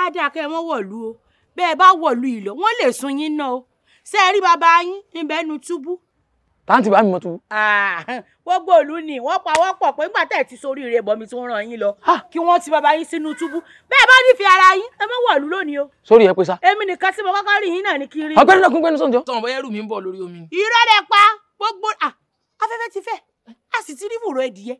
ádákẹ́ ẹ mọ́ wọ̀lú o bẹ́ẹ̀ bá wọ̀lú ìlọ wọ́n lè sun yín náà o ṣé ẹ rí bàbá yín níbẹ̀ nu túbú táǹtì bá mi mọ̀ tó. Ah, gbogbo ìlú ni wọ́n pawọ́pọ̀ pé nígbà tẹ̀ ti sórí rẹ̀ bọ̀mí tí wọ́n ràn yín lọ ah. kí wọ́n ti bàbá yín sínú túbú bẹ́ẹ̀ bá nífẹ̀ẹ́ ara yín ẹ mọ̀ wọ̀lú lónìí o. sórí ẹ pé sa. èmi nìkan tí mo kọ́kọ́ rí yín náà ní kiri. ọgbẹ́ni náà kún gbẹ́ni sọ̀njọ́. sọ̀rọ̀ bọ́yá rù mí ń bọ̀ lórí omi. ìrọ̀lẹ́ pa gbogbo ah, afẹ́fẹ́ ti fẹ́ a sì ti rí bùrọ̀ ẹ̀dìyẹ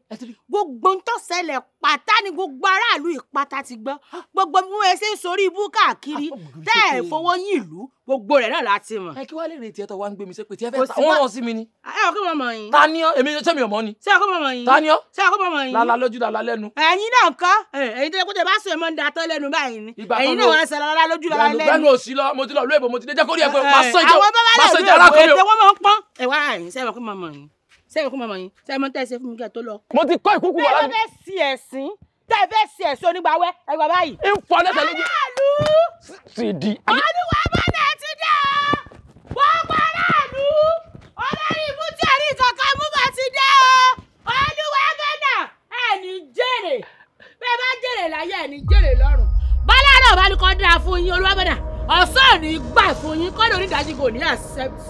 gbogbo ń tó ṣẹlẹ̀ pátá ni gbogbo aráàlú ìpátá ti gbọ́ gbogbo bí wọ́n ṣe ń sorí ibú káàkiri ah, tẹ́ ẹ̀ fọwọ́ yín ìlú gbogbo rẹ̀ náà láti mọ̀. ẹ kí wàá lè retí ẹ tó wá ń gbé mi ṣépè tí ẹ fẹ́ ta wọ́n rán sí mi ni. ẹ ọkọ mọ mọ yín. ta ni ọ èmi ṣé mi ò mọ ni. ṣé ọkọ mọ mọ yín. ta ni ọ. ṣé ọkọ mọ mọ yín. lala lójú lala lẹ́nu. ẹ̀yin náà kọ ẹ̀yin tó yẹ kó tẹ bá sọ ẹ mọ ń da tán lẹ́nu báyìí ni. ẹ̀yin náà wọn sọ lala lójú lala lẹ́nu. gbẹnu òsì lọ mo ti lọ lóyè bò mo ti dé jẹ kórìí ẹ pé màá sọ ìjọ màá sọ ìjọ alákòóyò. àwọn bàbá sẹ́yìn kún mọ̀mọ́ yín sẹ́yìn mọ́ tẹ̀sí fún mi kẹ́ tó lọ. mo ti kọ́ ìkúkú wà láti. tẹ́ ẹ ẹ̀sìn tẹ́ ẹ fẹ́ ẹ̀sìn onígbàwẹ́ ẹ báyìí. ń fọ lẹ́sẹ̀ lójú. aráàlú. sì di. olúwa bọ́lẹ̀ ti dá gbogbo aráàlú olórí ibùdó ẹ̀rí kankan mú bá fún yín olúwa gánà ní ìdájí kò ní accept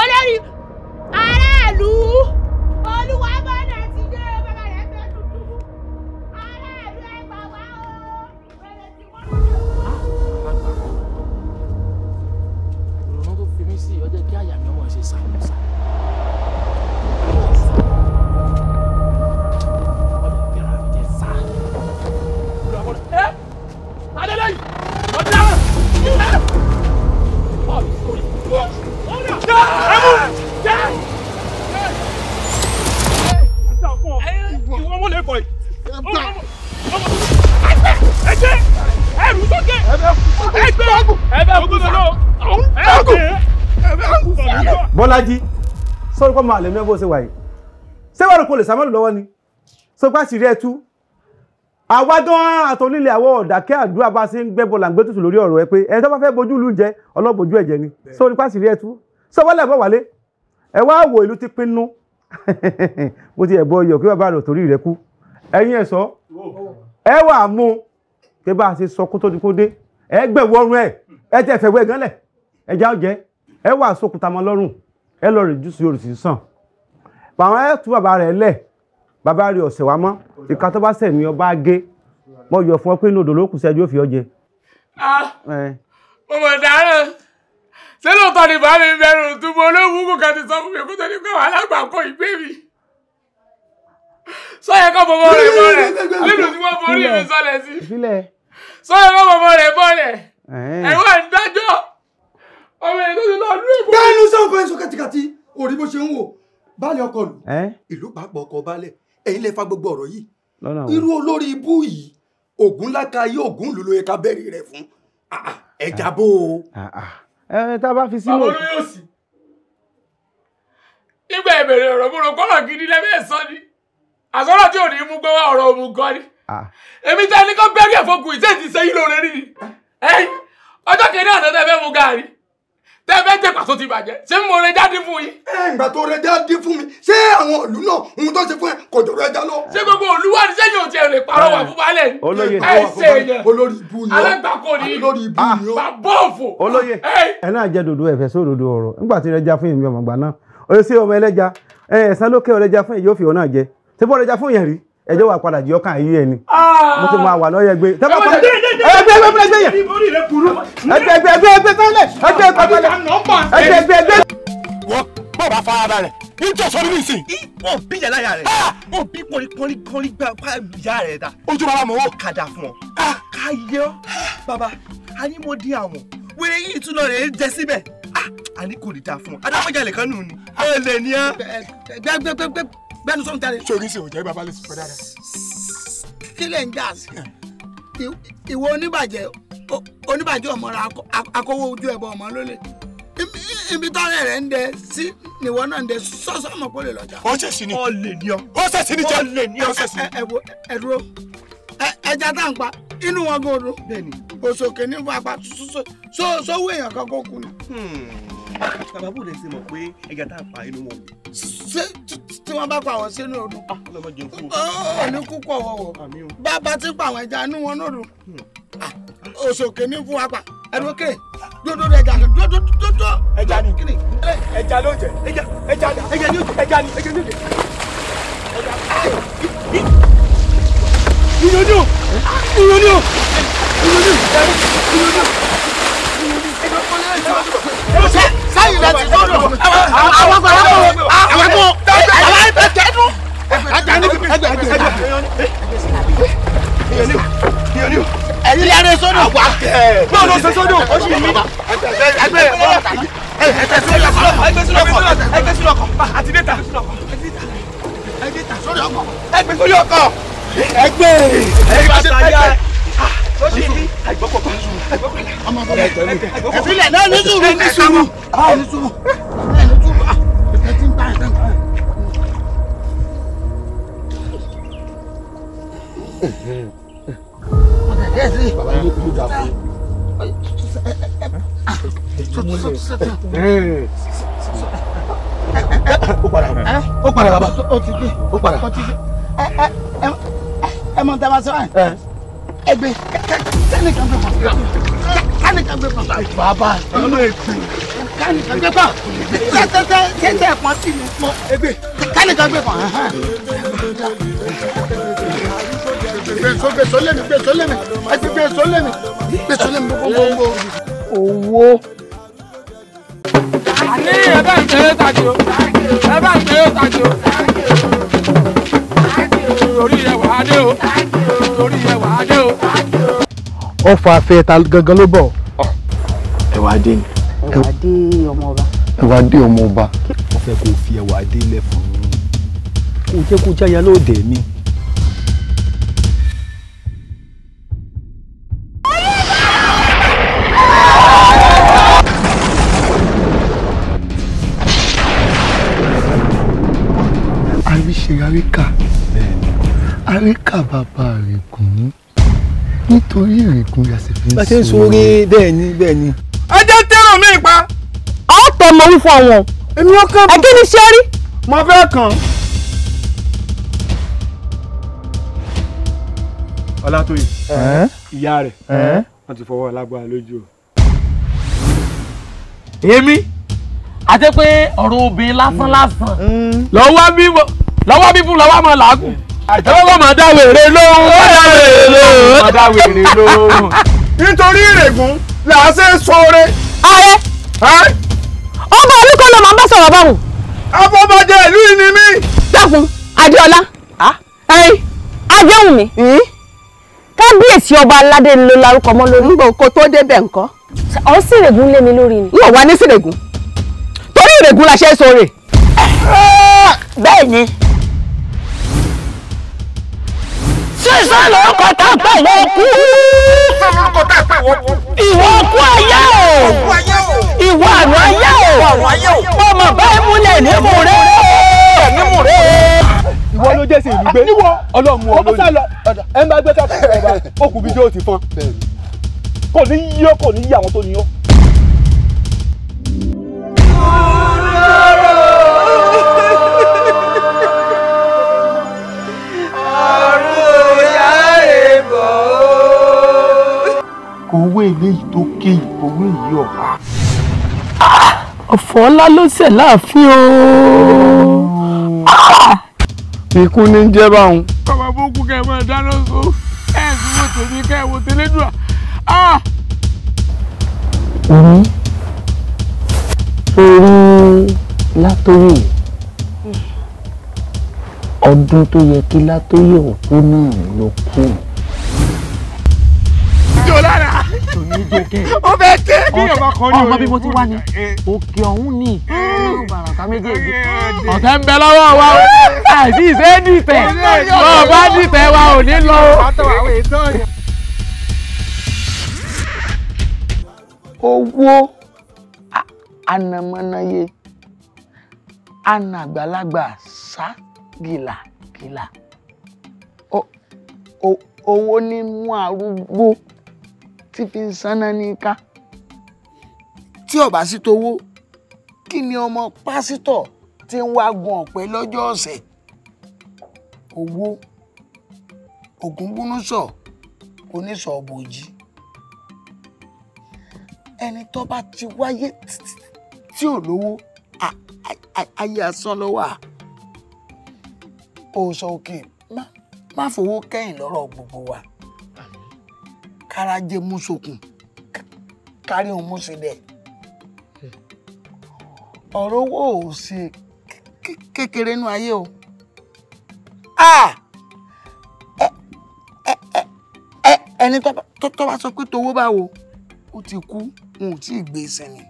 olórí aráàlú olúwa bọ́lẹ̀ ti dé bàbá rẹ̀ fẹ́ tuntun ará ìlú ẹgbà wá o ah, fi mí sí ọjọ́ kí àyà mi wọ̀ ṣe sàmùsàmù. gbà. ẹgbẹ́ ẹrù sókè ẹgbẹ́ ẹgbẹ́ ògùn lọ ẹgbẹ́. Bọ́lájí sọ́rí pọ́ máa lè mẹ́bọ̀ ṣe wà yìí ṣé wàá rò pé olè sàmọ́lù lọ́wọ́ ni sọgbà sì rí ẹ tú àwádán àtọ́lílẹ̀ àwọ̀ ọ̀dàkẹ́ àdúrà bá ṣe ń gbẹ́bọ̀ là ń gbé tútù lórí ọ̀rọ̀ ẹ pé ẹ tó bá fẹ́ bojú ìlú jẹ ọlọ́bojú ẹ̀jẹ̀ ni sọ nípa sì rí ẹ tú sọ wọ́n lẹ́bọ̀ wálé ẹ wá wo ìlú ti pinnu <laughs> mo ti ẹ̀bọ ọyọ̀ kí bàbá rẹ̀ torí rẹ̀ ẹ̀yin ẹ̀ṣọ́ ẹ wà mú pé bá a ṣe sọ kó tó di kó dé ẹ gbẹ̀wọ́ ọrùn ẹ ẹ tẹ fẹ́ wẹ́ gánlẹ̀ ẹ já jẹ ẹ wà sókùtà mọ́ lọ́rùn ẹ lọ rè jù sí òrùsì sàn pàwọn ẹ tú bàbá rẹ lẹ̀ bàbá rẹ ọ̀sẹ̀ wa mọ́ ìka tó bá sẹ̀mí ọba gé mo yọ fún ọ pé inú odò ló kù sẹ́jú òfin ọjẹ. Ah! mo mọ̀ dáràn ṣé lóòótọ́ ni bàbá mi bẹ̀rù túbọ̀ olówó kò kàn ti sọ fún mi kó tó ní pé wàhálà ìgbé mi sọyẹ kọ bọbọ rẹ bọlẹ nínú tí wọn borí mi sọlẹ sí sọyẹ kọ bọbọ rẹ bọlẹ ẹwà ń dájọ́ ọmọ ètò ti lọ lórí ìbò. bẹ́ẹ̀ni sọkọ ẹ sọ kàtìkàtì orí bó ṣe ń wò baálé ọkọ lù ìlú pàápàá ọkọ baálé ẹ̀yin lè fa gbogbo ọ̀rọ̀ yìí irú olórí ibú yìí ògùn láka yí ògùn lulu ẹka bẹ̀rẹ̀ rẹ fún ẹja ah, o. ẹ tá ah, bá fi sí wò. àwọn olóyè òsì nígbà ìbẹ̀rẹ̀ ọ̀rọ̀ mo rò kọ́lọ̀ gidi lẹ́mẹ̀ẹ́sán ni àsọ̀rọ̀ tí ò ní mú gbọ́ wá ọ̀rọ̀ òmùgọ̀ ni èmi tẹ́ ẹni kan bẹ́rí ẹ̀fọ́gùn ìṣe ti ṣe yín lóore rí ni ọjọ́ kìíní àná tẹ́ fẹ́ mu gààrí tẹ́ fẹ́ jẹ́ pàṣọ ti bàjẹ́ ṣé mo rẹ jáde fún yín. ẹ ìgbà tó rẹ jáde fún mi ṣé àwọn òlú náà ohun tó ṣe fún ẹ kò dọ̀rọ̀ ẹja lọ. ṣé gbogbo olúwa ni sẹ́yìn òtí ẹ̀rọ ìpàrọwà fún balẹ̀ ni. olóye ẹ ṣe èèyàn olórí ibu ni ó alágbàkọ ni olórí ibu ni ó bàbá òfò. olóye ẹ náà jẹ dodo ẹfẹ sódodo ọ̀rọ̀ nígbà tí rẹ já fún èmi ọmọ ìgbà náà òye sí ọmọ ẹlẹ́ja ẹ ẹ̀sán lókè ọ̀rẹ́ja fún èyí ó fi ṣé bọ́ọ̀lù ẹja fún yẹn rí ẹjọ́ wà padà jẹ́ ọkàn yí ẹni mo ti máa wà lọ́yẹ̀ gbé tẹ́lẹ̀ kọ́ ẹgbẹ́ ẹgbẹ́ ẹgbẹ́ ẹgbẹ́ yẹn ẹgbẹ́ ẹgbẹ́ ẹgbẹ́ ẹgbẹ́ tẹ́lẹ̀ ẹgbẹ́ ẹgbẹ́ ẹgbẹ́ ẹgbẹ́ ẹgbẹ́. wọ́n bàbá fara balẹ̀ níjọ́ sọ níbi ìsìn. wọn bí yàrá yà rẹ wọn bí pọnipọni kọni gba yà rẹ dá. ojú bàbá mọ̀ wọ́n. kàdà fún ọ. ká yẹ ọ bàbá a ní mo dín àwọn wẹ́rẹ́ yìí tún lọ rẹ̀ jẹ síbẹ̀ àní kò ní dáa fún ọ. adámọ̀jà lè kán nù ni. ẹ lè ní ẹ. gbẹgbẹgbẹgbẹ bẹ́ẹ̀ni sọ́n tẹ́lẹ̀. sori sì ò jẹ́ bàbá lè sọ̀rọ̀ dáadáa. kílẹ̀ ń jà sí ìwọ oníbàjẹ́ oníbàjẹ́ ọ̀mọ́ra akówó ojú ẹ̀bọ ọ̀mọ́ lólè ibi tọ́rẹ̀ rẹ̀ ń dẹ sí nìwọ náà ń dẹ sọ́sọ́ ọmọ kó lè lọ́jà. ó ṣe ni ó lè ní ọ ó ṣe ni jẹ ó lè ní ọ ṣe sí ẹja tá n pa inú wọn gbòòrò òṣòkè ní fún apá sówó èèyàn kan kó hmm. bàbá bò lè ṣe mọ̀ pé ẹja tá n pa inú wọn. ṣé tí wọ́n bá pa àwọn sínú ooru. ó ní kúkú ọ̀wọ̀wọ̀ bàbá tí pa àwọn ẹja inú wọn lóru òṣòkè ní fún wa pa ẹnu dodo dodo ẹja kan dodo dodo. ẹja ni ẹja ló jẹ ẹja ẹja ni ẹja ni ẹja ni ẹja ni ìyọnú ìyọnú ìyọnú ìyọnú lẹ́yìn láti lọ́dọ̀ àwọn kan àwọn kan àwọn kan àwọn ẹgbẹ́ tẹ́tù. ẹgbẹ́ ẹgbẹ́ ẹgbẹ́ ẹgbẹ́ ẹyin lẹ́rìn sódò wá kẹ́ bọ́ọ̀ lọ sí sódò ó sì mí ẹgbẹ́ ẹgbẹ́ sílọ̀kọ̀ ẹgbẹ́ ẹgbẹ́ ẹgbẹ́ ẹgbẹ́ ẹgbẹ́ ẹgbẹ́ ìfilẹ̀ náà bàbá ó padà ó ó padà ó padà ẹ ẹ ẹ mọ tẹ ma sọ ẹ ẹgbẹ́ kẹ́ni kan gbé pàpà kẹ́ni kan gbé pàpà. bàbá ọlọ ètò kẹ́ni kan gbé pàpà tẹ́tẹ́tẹ́ tẹ́tẹ́ ẹ̀pọ̀n sí mi pọ̀ ẹgbẹ́ kẹ́ni kan gbé pàpà. gbèsò gbèsò lẹ́mi gbèsò lẹ́mi ẹgbẹ́ gbèsò lẹ́mi gbèsò lẹ́mi gbogbo. owó. àní ẹ bá ń tẹ̀lé tàjò ẹ bá ń tẹ̀lé tàjò orí ẹ wà á dé o orí ẹ wà á dé o ọfà afẹ ta gangan ló bọ. ẹwà adé ni. ẹwà adé ọmọ ọba. ẹwà adé ọmọ ọba. ó fẹ́ kó o fi ẹwà adé lẹ̀ fún un kó o jẹ́ kó o jáya lóde mi. àríṣe àríkà àríkà bàbá rẹ̀ gùn ún nítorí ìrìnkún yàtọ̀ fi ń sọ. a ti ń sọrí bẹ́ẹ̀ ni bẹ́ẹ̀ ni. ẹ jẹ́ tẹ́rọ mi pa. ọ̀tọ̀ mọ̀ ń fọ wọn. èmi ò kàn. ẹ kí ni ṣe rí. mo fẹ́ kàn. ọlátòyè ìyá rẹ̀ wọ́n ti fọwọ́ alágbára lójú o. èmi àti pé ọ̀rọ̀ obìnrin lásán lásán mm. lọ́wọ́ bí fún lọ́wọ́ mọ́ làágùn àjọwọ́ máa dá wèrè lóhùn. ó dá wèrè lóhùn. máa dá wèrè lóhùn. nítorí ìrègùn là á ṣe sóore. ààrẹ ọba olúkọ ló máa ń bá sọ̀rọ̀ báwọn. afọbajẹ ìlú yìí ni mí. dákun adéọlá ajẹun mi kábíyèsí ọba aládé ló larúkọ mọ lórí. nbọ kó tó débẹ̀ nǹkan. ọ̀ ń sìrègùn lé mi lórí ni. n ò wá ní sìrègùn torí ìrègùn la ṣe é sóore. bẹ́ẹ̀ ni. sísá lórúkọ tá a pè wọ́n kú. sísá lórúkọ tá a pè wọ́n kú. ìwọ kú ayé o ìwọ àrùn ayé o ọmọ báyìí múlẹ̀ nímú rẹ nímú rẹ. ìwọ ló jẹ́ sí ìlú gbé ọlọ́mú olóyè ẹ̀ ń bá gbé káàkiri ẹ̀ bá okùnbí tí ó ti kò ní yí ó kò ní yí àwọn tó ní ó. kò wé eléyìí tó ké yìí kò wé yìí ọ̀há. ọ̀fọ̀ ńlá ló ṣẹ̀ láàfin o. Ah! ikú ní jẹ́ báwọn. bàbá bókú kẹ́ ẹ máa dáná so ẹ ẹ tún wò tèmi kẹ́ ẹ wò tẹ́lẹ́dùà. Ah! orí orí látòyè ọdún tó yẹ kí látòyè òkú náà ló kù jò lára. kò ní jó kẹ́. ó fẹ́ ké bí yóò bá kọ́ ní orí. ọmọ bí mo ti wá ní òkè ọ̀hún ni hmm. bàràkà méjèèjì. ọ̀tẹ̀ ń bẹ lọ́wọ́ wa o àìsí ìṣe dìtẹ̀ lọ́ọ̀ bá dìtẹ̀ wa ò ní lọ o. owó anamọ́nayé anagbalagba sá gìlàgìlà owó ní mú arúgbó tí fi ń sanná ní ká tí ò bá sí towó kí ni ọmọ pásítọ̀ tí ń wá gun ọ̀pẹ lọ́jọ́ ọ̀sẹ̀ owó ògúnbúnúsọ oníṣọ̀bòjì ẹni tó bá ti wáyé tí ò lówó ayé asán ló wà òòṣà òkè má fowó kẹ́yìn lọ́rọ̀ gbogbo wa kárajé mú sokùn kárí òun mú sílẹ̀ ọ̀rọ̀ owó ò ṣe kékeré nínú ayé o ẹni tó bá sọ pé towó bá wo ó ti kú wọn ò tí ì gbé e sẹ́ni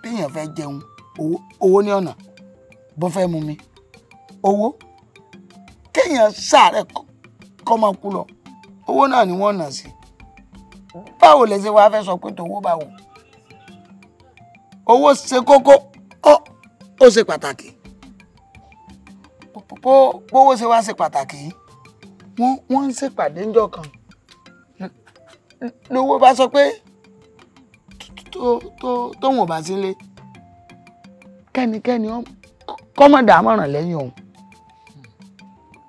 téèyàn fẹ́ jẹun owó ní ọ̀nà bó fẹ́ mu mi owó kéèyàn sáré kọ́ máa kú lọ owó náà ni wọ́n nà sí báwo lẹ ṣe wá fẹ́ sọ pé tòwó báwo owó ṣe kókó ó ṣe pàtàkì bówó ṣe wá ṣe pàtàkì wọ́n ń ṣèpàdé ńjọ́ kan lówó bá sọ pé tóun ò bá sílé kẹ́nikẹ́ni kọ́mọ̀dà àmọ̀ràn lẹ́yìn òun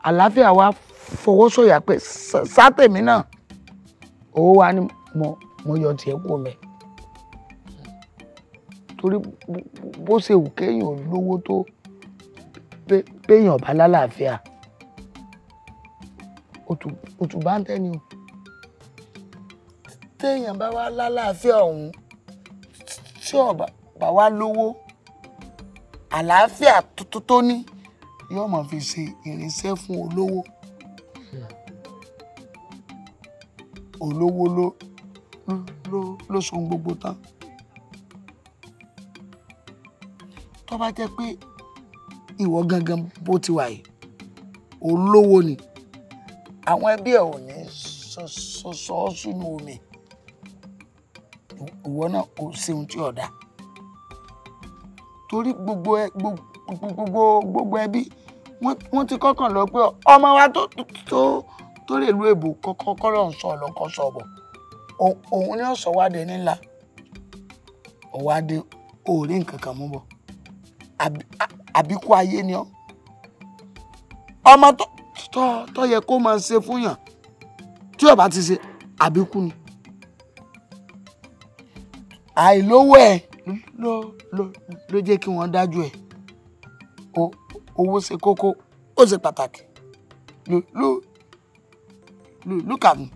àlàáfíà wa fọwọ́ sọ̀yà pé sátẹ̀mí náà owó wa ni mo mo yọ tiẹ̀ kú mẹ́ torí bó ṣe wù kéèyàn lówó tó béèyàn bá lálàáfíà òtù bá ń tẹ́ni o téèyàn bá wá lálàáfíà ọ̀hún tí ọ̀bà bá wá lówó àlàáfíà tó ní yóò máa fi ṣe irinṣẹ́ fún olówó. olówó ló ló ló so gbogbo tán tó bá jẹ́ pé ìwọ gangan bó ti wà yìí olówó ni àwọn ẹbí ẹ ò ní sọ sọ sínú omi ìwọ náà kò ṣeun tí ọ̀dà torí gbogbo ẹ gbogbo gbogbo ẹbí wọ́n ti kọ́kàn lọ pé ọmọ wa tó tó torí ìlú èbò kọ́kọ́rọ́ ń sọ ọ̀lọ́kọ́ sọ̀bọ̀ òun ni ó sọ wáde nílà ọ̀wáde òórí nǹkan kan mú bọ̀ àbíkú ayé ni ọ́ ọmọ tó yẹ kó máa ṣe fún yàn tí ó ti ṣe àbíkú ni àìlówó ẹ̀ ló ló ló jẹ́ kí wọ́n dájú ẹ̀ owó ṣe kókó ó ṣe pàtàkì ló ló look at me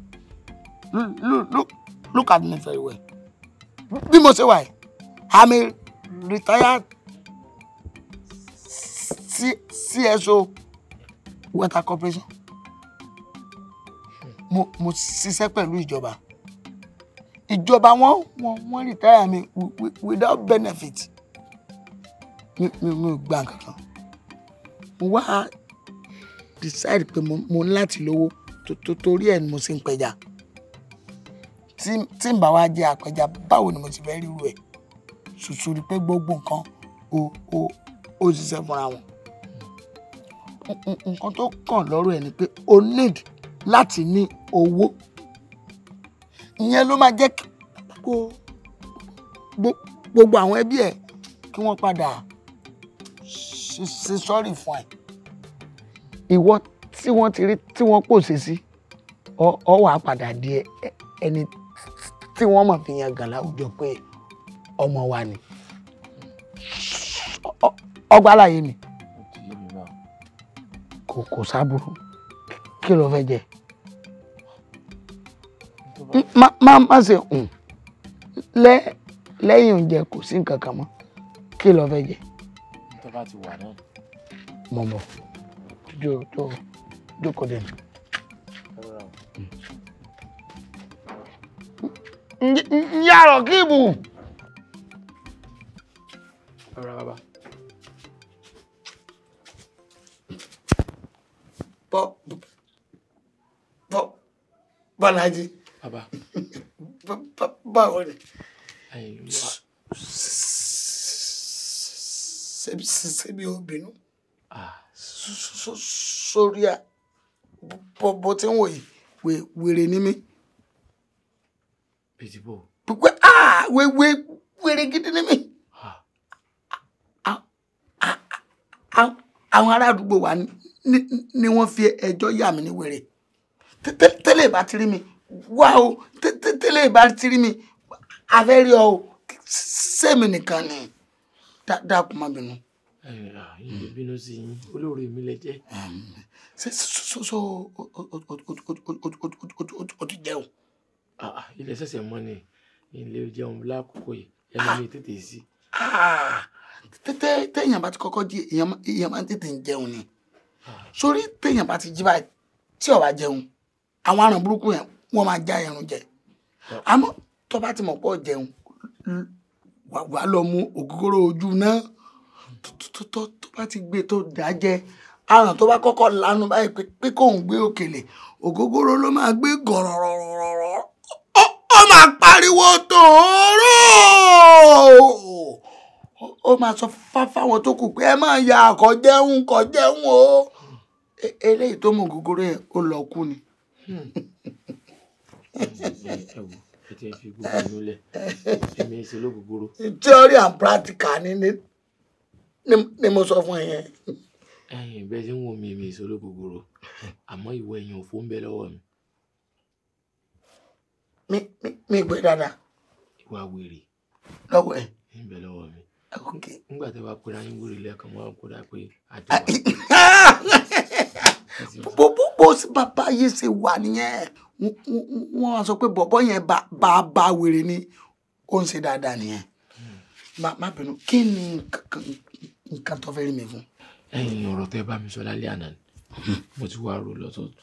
look look look at me very well You must say why. i'm a retired C CSO water corporation mo mo ṣiṣẹ́ pẹ̀lú ìjọba ìjọba wọn wọn wọn retire mi without benefit mi mi mi gba nǹkan kan mo wá decide pé mo láti lówó torí ẹ̀ ni mo ṣe ń pẹja tí n bá wa jẹ àpẹja báwo ni mo ti fẹ́ ríru ẹ̀ ṣùṣù rí pé gbogbo nǹkan o o ó ṣiṣẹ́ fúnra wọn nǹkan tó kàn lọ́rọ̀ ẹ̀ ni pé o need láti ní owó ìyẹn ló máa jẹ́ kó gbogbo àwọn ẹbí ẹ̀ kí wọ́n padà ṣe sọ́rí fún ẹ ìwọ tí wọ́n ti rí tí wọ́n pòṣe sí ọ wàá padà di ẹni tí wọ́n mọ̀ fi yan gàn láwùjọ pé ọmọ wa ni ọgbà láyé mi kò kò sábúrú kí ló fẹ́ jẹ má má ṣe hùn lẹ lẹ́yìn oúnjẹ kò sí nǹkan kan mọ́ kí ló fẹ́ jẹ. tó bá jókòó dé mi. ǹjẹ́ àrọ̀ kíìbù. ọ̀rọ̀ bàbá. bọ́ bọ́ bọ́lájí. bàbá. báwo ni. ṣebí ṣebí obìnrin. sórí à bó ti ń wò yìí wèrè ni mí. bìtì bò. pípẹ́ wèrè gidi ni mí. Ah. àwọn ará àdúgbò wa ni wọ́n fi ẹjọ́ yà mí ní wèrè tẹ́lẹ̀ ìbá ti rí mi wá o tẹ́lẹ̀ ìbá ti rí mi afẹ́ rí ọ o sẹ́mi nìkan ni dákun má bínú. ẹ ẹ bínú sí i olóore mi lẹ jẹ ṣe so so o ti jẹun. ilé ṣẹ̀ṣẹ̀ mọ́ ni ilé jẹun lákòókò yìí ẹnu mi tètè sí. tẹ́tẹ́ téèyàn bá ti kọ́kọ́ jí èèyàn máa ń tètè jẹun ni sórí téèyàn bá ti jí báyìí tí ó bá jẹun àwọn aràn burúkú yẹn wọ́n máa já ẹran jẹ àmọ́ tó bá ti mọ̀ pọ̀ jẹun wàá lọ mú ògógóró ojú náà tó bá ti gbé tó dájẹ́ aràn tó bá kọ́kọ́ lanu báyìí pé kóun gbé òkèlè ògógóró ló máa gbé gọ̀rọ̀rọ̀rọ̀rọ̀ ó máa pariwo tòóró ó máa sọ fáwọn tó kù pé ẹ máa ya àkọjẹun kọjẹun o e, eléyìí tó mú ògógóró yẹn ó lọ kú ni. Hmm. <laughs> theory and practical ni mo sọ fún ẹ yẹn ẹ̀yin bẹ́ẹ̀ tí ń wo mi mi ìṣòro gbogbooro àmọ́ ìwọ ẹ̀yìn òfó ń bẹ lọ́wọ́ mi. mi mi mi gbé dáadáa. ìwà wèrè. lọ́wọ́ ẹ̀. ń bẹ lọ́wọ́ mi. nígbà tí wàá pera yín wèrè lẹ́ẹ̀kan wọ́n á kóra pé àdúrà. Ah, ah! <laughs> bó bó bó bàbá yìí ṣe wà nìyẹn wọ́n á sọ pé bọ̀bọ́ yẹn bàbá wèrè ni ó ń ṣe dáadáa nìyẹn hmm. má bínú kí ni nǹkan tó fẹ́ rí mi fún ẹ̀yin ọ̀rọ̀ tẹ́ bá mi sọ lálẹ́ àná ni mo ti wá rò lọ́sọ̀tún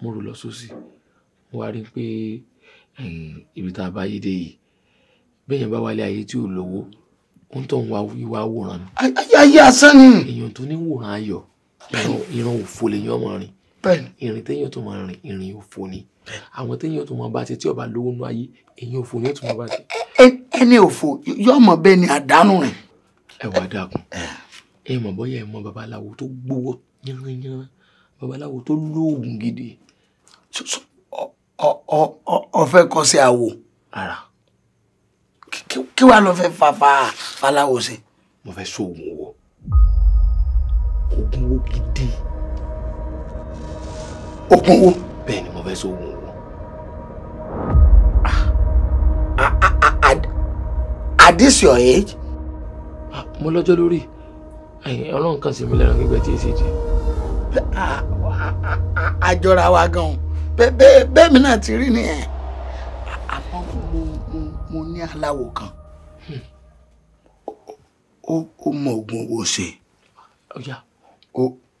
mo rò lọ́sọ̀sì mo wá rí i pé ibi tá a bá yé dé yìí bẹ́ẹ̀yẹn bá wálé ayé tí ò lówó ó ń tọ́ ń wá ìwà wòran ni. ayé ayé asán ni. èèyàn tó ní wòran ayọ̀ ìran òfo lèèyàn máa rìn ìrìn téèyàn tó máa rìn ìrìn òfo ni àwọn téèyàn tó máa bá ti tí ọba lówó nú ayé èèyàn òfo ni ó tún máa bá ti. ẹni òfo yóò mọ bẹ́ẹ̀ ni àdánù rìn. ẹ wá dákun ẹ mọ̀ bóyá ẹ mọ̀ babaláwo tó gbowó yánranyánran babaláwo tó lóògùn gidi. ọ fẹ́ sí àwò. ara. kí wàá lọ fẹ́ fa fa faláwo sí. mo fẹ́ sóògùn wọ oògùn wo gidi. oògùn wo. bẹ́ẹ̀ ni mo fẹ́ sóògùn wo. Ah, ah, ah, at this your age. mo lọ́jọ́ lórí. Eh, ọlọ́run kan sì mí lẹ́ran gbígbẹ́ tí ì ṣe jẹ. àjọra wa gan-an bẹ́ẹ̀ mi náà ti rí nìyẹn àmọ́ mo ní aláwo kan ó mọ oògùn owó ṣe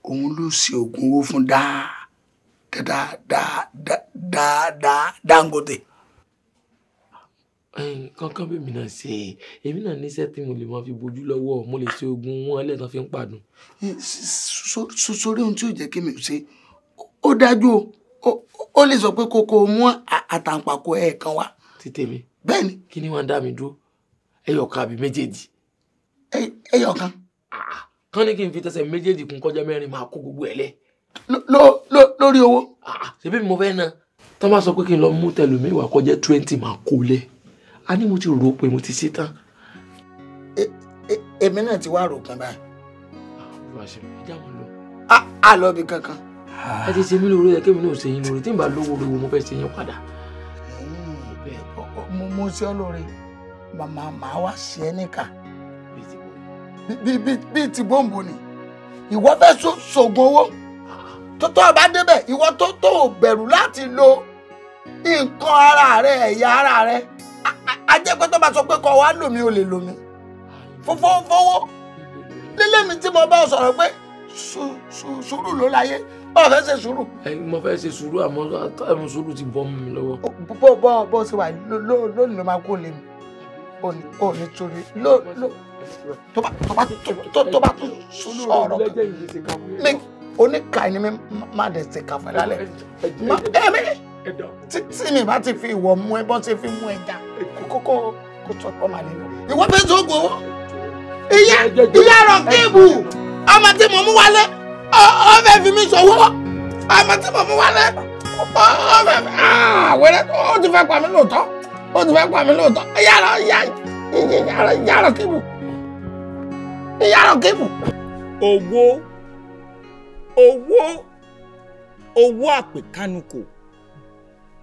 òun ló ṣe oògùn owó fún dáa dáa dáa dáa dáa Dangote. Da, da, da, da, da, da, da, da, kankan bí mi náà ṣe èmi náà níṣẹ́ tí mo lè máa fi bójú lọ́wọ́ mo lè ṣe oògùn wọn ẹlẹ́tàn fi ń pàdùn. sórí ohun tí ò jẹ́ kí mi ò ṣe ó dájú o ó lè sọ pé kókó mú àtàǹpàkò ẹ̀ẹ̀kan wá. ti tèmi bẹ́ẹ̀ni. kí ni wọ́n dá mi dúró ẹyọkan àbí méjèèjì. ẹyọkan. Ah, kán ní kí n fi tẹsẹ̀ méjèèjì kún kọjá mẹ́rin máa kó gbogbo ẹ̀ lẹ̀. lórí owó. Ah, ṣebí mo fẹ́ na tọ́ bá sọ pé kí n lọ mú tẹlumi ìwà kọjá twenty máa kó lẹ̀ a ní mo ti rò pé mo ti ṣe tán. E, e, èmi náà ti wá rò kan báyìí. a lọ bí kankan. ẹ ti ṣe mí lóore ẹ kémi náà ṣe yín lóore tí n bá lówó lówó mo fẹ́ ṣe yín padà. Hmm, mo ṣe ọ́ lóore màmá màá wá ṣe é níkà bíi ti bọ́ǹbù ni ìwọ fẹ́ ṣògùn owó tó tó débẹ̀ ìwọ tó tó bẹ̀rù láti lo nǹkan ara rẹ ẹ̀yà ara rẹ ajẹ́ pé tó bá sọ pé kọ́ wa lòmí o lè lòmí fọwọ́fọwọ́ lílé mi tí mo bá sọ̀rọ̀ pé sùúrù ló láyé báwo fẹ́ ṣe sùúrù. mo fẹ́ ṣe sùúrù àmọ́ àmọ́ sùúrù ti bọ́ mi lọ́wọ́. bó bó bó ṣe wà lónìí ló máa kó lè mi ò ní torí tó bá tó bá tó sọ̀rọ̀ mi oníkàá ni mi máa dẹ̀ ṣe kàfẹ́ lálẹ́ títí mi bá ti fi ìwọ mú ẹ bọ́n ti fi mú ẹja kókó kó tó ọkọ màlẹ lọ. ìwọ fẹẹ sọ gbowó ìyá ìyá rọ kéèbù ọmọ tí mo mú wálé ọ fẹẹ fi mi sọwọ ọmọ tí mo mú wálé ọ fẹẹ fi àwẹrẹ ó ti fẹẹ pa mí lóòótọ́ ó ti fẹẹ pa mí lóòótọ́ ìyá rọ ìyá rọ kéèbù ìyá rọ kéèbù. owó owó owó àpèkánukò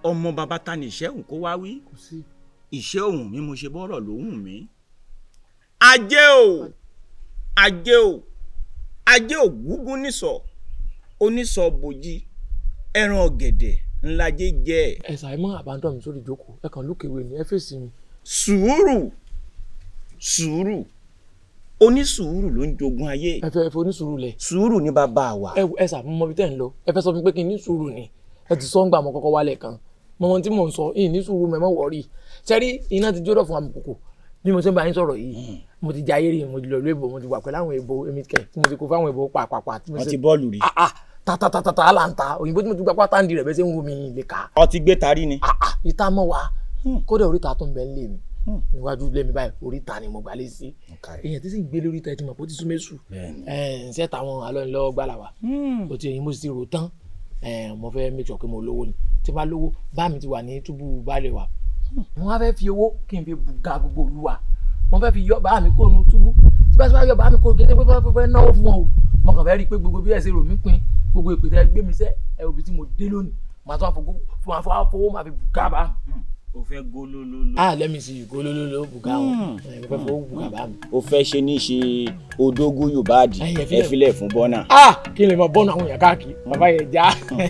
ọmọ baba ta ni ìṣẹ́ òun kó wá wí ìṣẹ́ òun mi mo ṣe bọ́rọ̀ lóhùn mi ajé o ajé o ajé o gúngún nìsọ onísọ bòjì ẹran ọ̀gẹ̀dẹ̀ ńlá jẹ́ jẹ́ ẹ ṣàì mọ àbádọ́ mi sórí ìjókòó ẹ kàn lókèwé ni ẹ mi. sùúrù sùúrù onísùúrù ló ń jogun ayé. ẹ fẹ́ ẹ fẹ́ onísùúrù lẹ̀. sùúrù ni bàbá wa. ẹ ẹ ṣàfihàn mọ́bí tẹ́ ń lọ ẹ fẹ́ sọ fún mi pé kí n ní sùúrù ni ẹ ti sọ ń gbà mọ́ kọ́kọ́ wálẹ̀ kan mọ̀mọ́ tí mò ń sọ yìí ní sùúrù mẹ́mọ́ wọ̀ọ́rì sẹ́rí iná ti jọ́dọ̀ fún amukoko bí mo ṣe ń bá yín sọ̀rọ̀ yìí mo ti jayé rí mo ti lọ ìlú èbó mo ti wà pẹ̀lú àwọn èbó èmi kẹ̀ tí mo ti kó fáwọn èbó pàápàá. wọ́n ti bọ́ọ̀lù rí. tatatatata ah, ah, là ń ta òyìnbó tí mo ti gba pátá ń di rẹ̀ bẹ́ẹ̀ ṣe ń wo mi lè kà. ọ ti gbé tari ni. Ah, ìta mọ́ wa hmm. kódà oríta tó ń bẹ nílé mi hmm. níwájú lẹ́mi báyìí oríta ni mo gbà lé sí. èèyàn tí sì gbé lórí ta ẹtì mọ̀ pé ó ti sún mẹ́sù ṣẹ́ta àwọn alọ́nilọ́wọ́ gbàlà wa hmm. ó ti èyí mo sì rò tán mo fẹ́ make sure mo lówó ni tí bá lówó bá mi ti wà ní túbú balẹ̀ wa mo wá fẹ́ fi owó kí n fi bùgà gbogbo olúwa mo fẹ́ fi yọ bá mi kó nu túbú tí bá ti wá yọ bá mi kó kéde pé fẹ́ náwó fún wọn o mo kàn fẹ́ rí i pé gbogbo bí ẹ̀ rò mí pin gbogbo ìpètè gbé mi sẹ́ ẹ̀ òbí tí mo dé lónìí màá tún àfọwọ́ máa fi bùgà bá o fẹ́ ah let me see you golololo buka wọn o hmm. eh, fẹ́ fọwọ́ buka bá mi. o fẹ́ ṣe ní ṣe odógún yorùbáàdì eh, ẹ filẹ̀ fún bọ́nà. ah kí n lè mọ bọ́nà àwọn èèyàn káàkiri bàbá yẹn já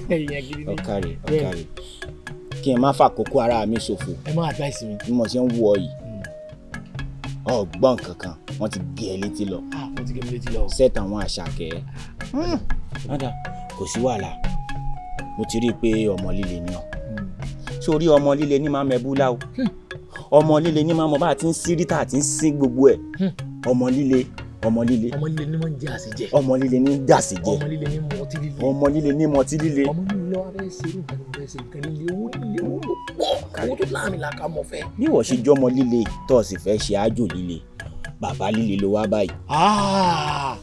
èèyàn hmm. <laughs> gidi ni. ọkàrẹ ọkàrẹ kí n má fàkókò ara mi ṣòfò. ẹ má advice mi. bí mo ṣe ń wọ yìí hmm. ọgbọ́n kankan wọ́n ti gé ẹ létí lọ. Ah, wọ́n ti gé mi létí lọ. set àwọn àṣàkẹ́. kò sí wàhálà mo ti rí i pé ọmọ líle ni ọ sórí ọmọ líle ní máa mẹ́bú láwo hmm. ọmọ líle ní máa mọ bá a ti ń sí rítà àti ń sí gbogbo ẹ̀ hmm. ọmọ líle ọmọ líle ọmọ líle ní máa ń jẹ àṣejẹ ọmọ líle ní dàṣejẹ ọmọ líle ní mọtí líle ọmọ líle ní mọtí líle ọmọ líle lọ́wọ́ abẹ́ ṣerú ìbàdàn bẹ́ẹ̀ ṣe nǹkan líle owó líle owó ló pọ̀ owó tó láàmì làkà mọ̀ fẹ́. bí wọ́n ṣe jọ́mọ líle tó o sì fẹ́ ṣe àjò líle bàbá líle ló wá báyìí. Ah!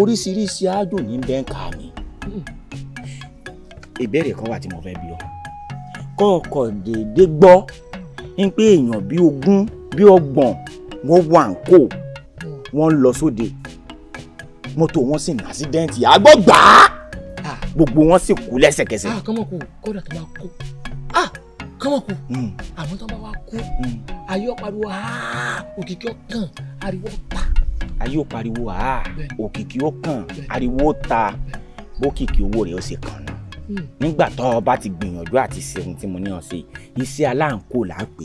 oríṣiríṣi àjò ní bẹ́ẹ̀ kà mí hmm. ìbéèrè kan wà tí mo fẹ́ bi ọ́ kọ́ọ̀kọ́ déédé gbọ́ ń pé èèyàn bíi ogún bíi ọgbọ̀n wọ́n wà ń kó wọ́n ń lọ sóde mọ́tò wọn sì ní àṣídẹ́ǹtì àgbọ̀ gbà á ah. gbogbo wọn sì kú lẹ́sẹ̀kẹsẹ̀. a ah, kọ́mọ̀ kú kódà tó bá kú a ah, kọ́mọ̀ kú hmm. àwọn tó bá wá kú hmm. ayé ọ̀pariwo aa òkìkí ọ̀kan ariwo ta. ayé ọ̀pariwo aa òkìkí ọ̀kan ariwo ta bókìkí owó rẹ̀ ó sì kàn án nígbà tó o bá ti gbìyànjú àti ṣeun tí mo ní ọ ṣe iṣẹ́ aláǹkó là á pè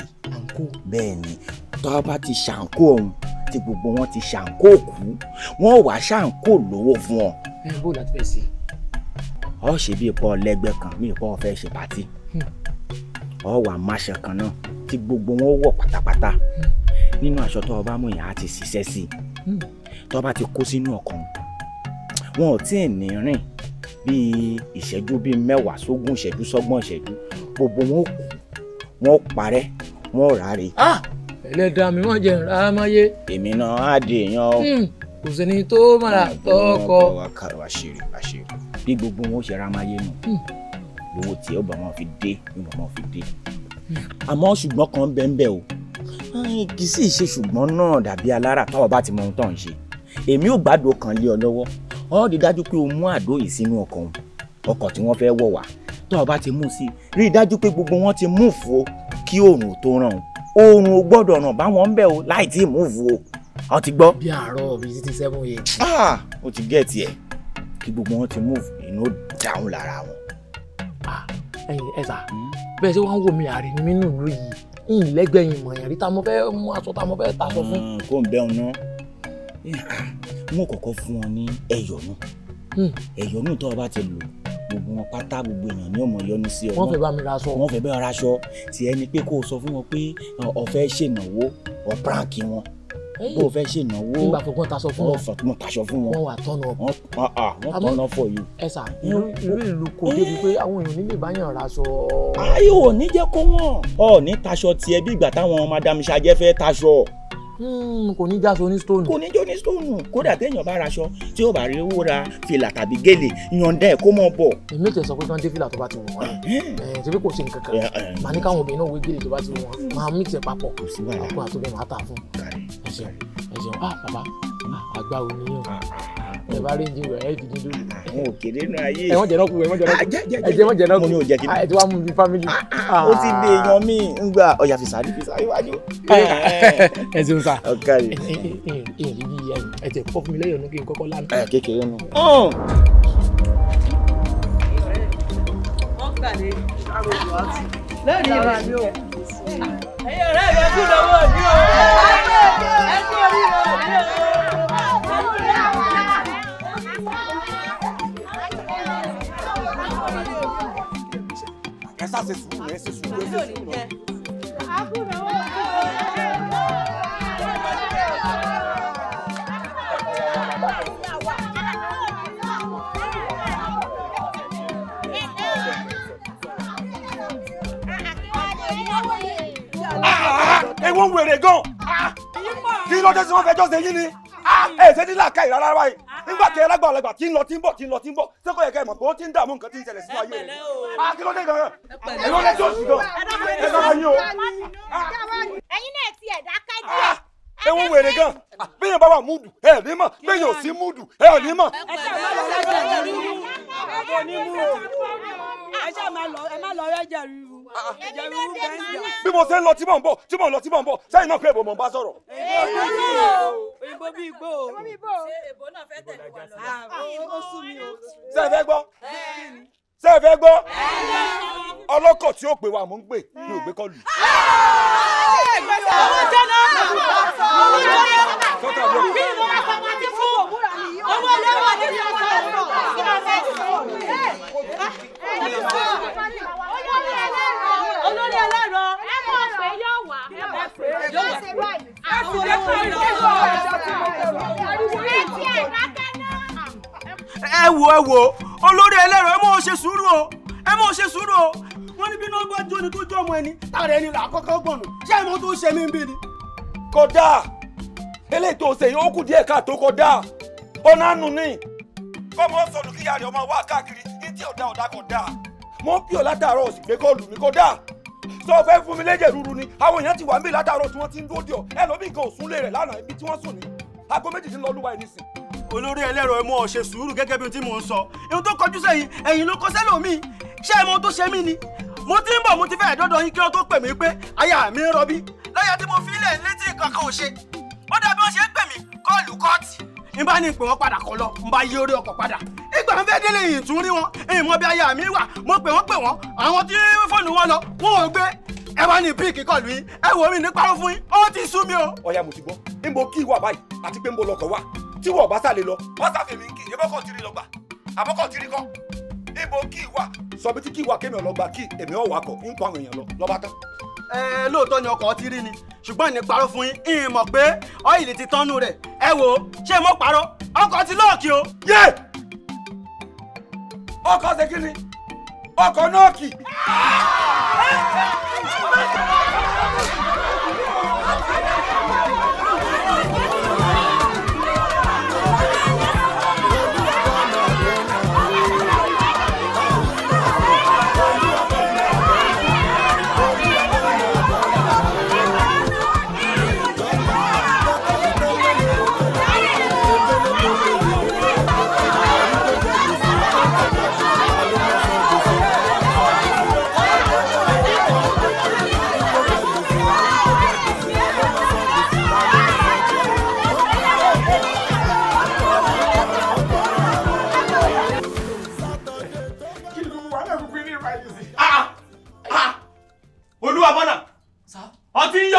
é ni tó o bá ti ṣàǹkó ọ̀hún tí gbogbo wọn ti ṣàǹkó òkú wọn ò wá ṣàǹkó lówó fún ọ. bó la ti fẹ́ ṣe. ọ ṣe bí ipò ọlẹgbẹ́ kan bí ipò ọfẹ ṣe pàtì hmm. ọ wà máṣe kan náà tí gbogbo wọn wọ̀ pátápátá hmm. nínú aṣọ tó o bá mú yàn á ti ṣiṣẹ́ sí i hmm. tó o bá ti kó sínú ọkàn wọn ò tí ì ní rìn bíi ìṣẹ́jú bíi mẹ́wàá sógún ìṣẹ́jú sọ́gbọ̀n ìṣẹ́jú gbogbo wọn kú wọn parẹ́ wọn ráre. ẹlẹ́dàá mi wọ́n jẹ́ ńlá máyé. èmi náà á di èèyàn o. Hmm, kò sẹ́ni tó mara tọ́kọ. àṣírí àṣírí bí gbogbo wọn ṣe ra máyé nù lówó hmm. tí ọba máa fi dé ọba máa fi dé. àmọ́ ṣùgbọ́n kan bẹ́ẹ̀ bẹ́ẹ̀ o kì í sì ṣe ṣùgbọ́n náà dàbí alára tọ́wọ́ bá ti mọ ohun tó ń ṣe èmi ò gbádùn ọkàn lé ọ lọ́wọ́ ó rí dájú pé o mú àdó yìí sínú ọkọ̀ wọn ọkọ̀ tí wọ́n fẹ́ wọ̀ wá tó o bá ti mú sí rí dájú pé gbogbo wọn ti mú fún o kí oòrùn tó ràn o oòrùn o gbọ́dọ̀ ràn báwọn ń bẹ̀ o láì tí ì mú fún ọ ti gbọ́. bí àárọ̀ bí títí seven eight. ah o ti gẹ̀ tiẹ̀ kí gbogbo wọn ti move inú dáhùn lára wọn. ẹyin ah! ẹ̀sà bẹ́ẹ̀ ṣé wọ́n ń wò mí àrí mi nínú ìlú yìí ìlẹ́gbẹ̀yìn mọ̀ọ́yàn rí tá mo fẹ́ mú aṣọ tá mo fẹ́ taṣọ fún. Hmm, kò ń bẹ́ẹ̀ náà wọn kọ́kọ́ fún ọ ní ẹyọ náà hmm. ẹyọ náà tó o bá ti lò gbogbo wọn pátá gbogbo èèyàn ní ọmọ yọnu sí ọ wọn fẹ́ bá mi raṣọ wọn fẹ́ bá ọ raṣọ tiẹ ni pé kó o sọ fún wọn pé o fẹ́ ṣènáwó ọ prank wọn bó o fẹ́ ṣènáwó nígbà tó kàn taṣọ fún wọn wọn fọtún taṣọ fún wọn wọn wà tọ́nà ọ̀pọ̀ ah, ah, wọn tọ́nà fọ yìí. ẹ sà irú ìlú kò débi pé àwọn èèyàn nílé ìbáyàn raṣọ. ayé ò ní jẹ́ kó wọ́n ọ̀ ní taṣọ tiẹ̀ bí ìgbà táwọn madam ṣajẹ́ fẹ́ taṣọ. Hmm, kò ní jáso ní stone. kò ní jó ní stone kódà téèyàn bá raṣọ tí ó bá rí owó ra fìlà tàbí gèlè yọ̀ǹda ẹ̀ kó mọ̀ bọ̀. èmi tẹ̀ sọ pé kí wọ́n dé fìlà tó bá ti wọ̀ wọ́n ẹ̀ eh. eh, ṣe kò ṣe nǹkan kan eh, ní káwọn obìnrin náà wé gèlè tó bá ti wọ̀ máa mí tiẹ̀ papọ̀ àpò àtúbẹ̀ máa tà fún. ẹ ṣeun ẹ ṣeun ah bàbá ah, àgbà ò níyàn ẹ bá rí jíwèé ẹ ti dídú. àwọn òkèèrè nù ayé. ẹ wọ́n jẹ náà ẹ wọ́n jẹ náà ah, ẹ jẹ wọ́n jẹ náà mo ní òjẹ kìnnìkan. Ah, ẹ ti wá mú mi family. Ah, ó ti di èèyàn mi ń gba ọ̀yà fìsàrí fìsàrí wájú. Eh, eh, ẹ ṣeun sa èyí yìí ẹ jẹ kọ́kọ́ fún mi lẹ́yìn ọdún kí n kọ́kọ́ lánàá. ẹ eh, kékeré nù. wọ́n gbà lé oh. arògbò àti lẹ́yìn ìrìn àjò. ẹ̀yin ọ̀rẹ́ mi kú lọ́wọ́ mi o. ẹ kú oríire mi o. ẹ sá ṣe sùúrù ẹ ṣe sùúrù ẹ ṣe sùúrù náà. àbúrò wọn wèrè gan ah, kí ló dé tí wọ́n fẹjọ́ ṣe yín ni. Ah, ẹ ṣe ní làákàyè rárá báyìí nígbà tí ẹlágbà ọlọgbà tí ń lọ tí ń bọ̀ tí ń lọ tí ń bọ̀ ṣé kò yẹ kẹ́ ẹ pé ó ti ń dààmú nǹkan tí ń ṣẹlẹ̀ sínú ayé rẹ̀ a ah, kí ló dé gan-an èló lẹ́jọ́ sí gan-an ẹ dára yín o. Ah. ẹ̀yin náà ti ẹ̀dá kájú ẹ̀ ẹ wọ́n wèrè gan ah, bẹ́ẹ̀ bá wà múdù ẹ ní mọ̀ bẹ́ẹ̀ ò sí múdù ẹ ò ní mọ̀. bí mo ṣe ń lọ tí mò ń bọ̀ tí mò ń lọ tí mò ń bọ̀ sẹ́yìn náà pé èbò mò ń bá sọ̀rọ̀. èbò bí igbó o èbò náà fẹ́ tẹ̀lé wa lọ. Ah, ṣé ẹ fẹ́ gbọ́ ọlọ́kọ̀ tí ó pè wá mò ń pè ní ògbé kọlù. olórí ẹlẹ́rọ ẹ mọ̀ pé yóò wá ẹ mọ̀ pé yóò wá àkùrẹ́ kan lọ́wọ́ ẹ tiẹ̀ rákẹ́ náà. ẹ wo ẹ wo olórí ẹlẹ́rọ ẹ mọ̀ ọ́ ṣe sùúrù o ẹ mọ̀ ọ́ ṣe sùúrù o wọ́n ní bí náà bá jó ni tó jó ọmọ ẹni tààrẹ ẹni là kọ́kọ́ gbọ̀nù ṣé ìmọ̀ tó ṣe mí ń bí ni. kódà eléyìí tó ṣe yóò kù díẹ̀ ká tó kódà ó nánu ní. kọ́mọ sọ̀rọ̀ kí yàrá ọmọ wá káàkiri títí ọ̀dà ọ̀dà kódà. mo pì ọ́ látàárọ̀ òsì pé kó lù mí kódà sọ fẹ́ fún mi léjè ruru ni àwọn èèyàn ti wà ń bí látàárọ̀ tí wọ́n ti ń dúró dì ẹ lómi nǹkan òsúnlé rẹ̀ lánàá ibi tí wọ́n sùn ní aago méjìdínlọ́lúwa ẹ̀ nísìn olórí ẹlẹ́rọ ẹ mọ̀ sùúrù gẹ́gẹ́ bí tí mò ń sọ ohun tó kọjú sẹ́yìn ẹ̀yìn ló kọ sẹ́lòmíì ṣé ẹ tó ṣe mí ni mo ti ń bọ̀ mo ti fẹ́ dọ́dọ̀ yín kí wọ́n tó pè mí pé aya mi ń rọbí lọ́yà tí mo fi ilẹ̀ létí kankan ò ṣe ó dàbí wọ́n ṣe ń pè mí kọ́ọ̀lù kọ́ọ̀tì n bá ní ìpè wọn padà kọ lọ n bá yí orí ọkọ̀ padà ìgbà ń fẹ́ délé yìí tún rí wọn ìmọ̀ bí aya mi wà mo pè wọ́n pè wọ́n àwọn tí fóònù wọn lọ wọn ò gbé ẹ wá ní píìkì kọlù yín ẹ wò mí ní parọ́ fún yín ó ti sú mi o. ọ̀ya mo ti gbọ́ ń bo kí wà báyìí àti pé ń bo lọkọ̀ wà tí wọ́n bá sàlè lọ wọ́n sàfihàn mi kì í ebọ́kọ̀ tiri lọ́gbà àbọ́kọ̀ tiri kọ́ ibo kí wà sọ bí tí kí wà kémi ọlọ́gbà kí èmi ọ̀wà kọ̀ ń kọ́ àwọn èèyàn lọ lọ́ba tán. ẹ lóòótọ́ ni ọkọ̀ ti rí ni ṣùgbọ́n ní parọ́ fún yín ìhìn mọ̀ pé ọ́ìlì ti tánú rẹ̀ ẹ wò ó ṣé mo parọ́ ọkọ̀ ti lọ́ọ̀kì o. yé ọkọ̀ ṣe kí ni ọkọ̀ náà kì.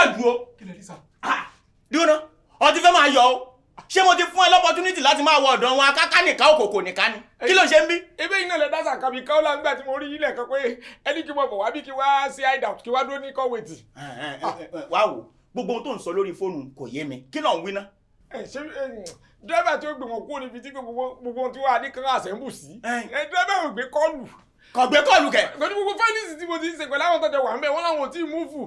bẹ́ẹ̀ dúró. kílẹ̀ ní sà. Ah, dúró ná ọtí fẹ́ máa yọ o ṣé mo ti fún ẹ lọ́pọ̀túnìtì láti máa wọ ọ̀dọ̀ wọn akáká nìkan òkòkò nìkan ni kí ló ṣe ń bí. ebe iná lẹ dáṣà kàbí káwọlà ńgbà tí mo rí ilẹ̀ kan pé ẹni kí mo bọ̀ wá bí kí wá sí hide out kí wá dúró ní kọ́wéètì. wá wò gbogbo ohun tó ń sọ lórí fóònù kò yé mi kí náà ń wí ná. ẹ ṣe dírẹ́bà tí ó gbìmọ̀ kúrò níbi tí gbogbo ohun tí wàá ní kan àṣẹ ń bù sí dírẹ́bà ò gbé kọ́ọ̀lù kọ̀gbẹ́ kọ́ọ̀lù kẹ̀. pẹ̀lú gbogbo fáìlìsì tí mo ti ṣe pẹ̀lú àwọn tọ́jà wà ń bẹ̀ wọ́n làwọn ò tí ì múfù.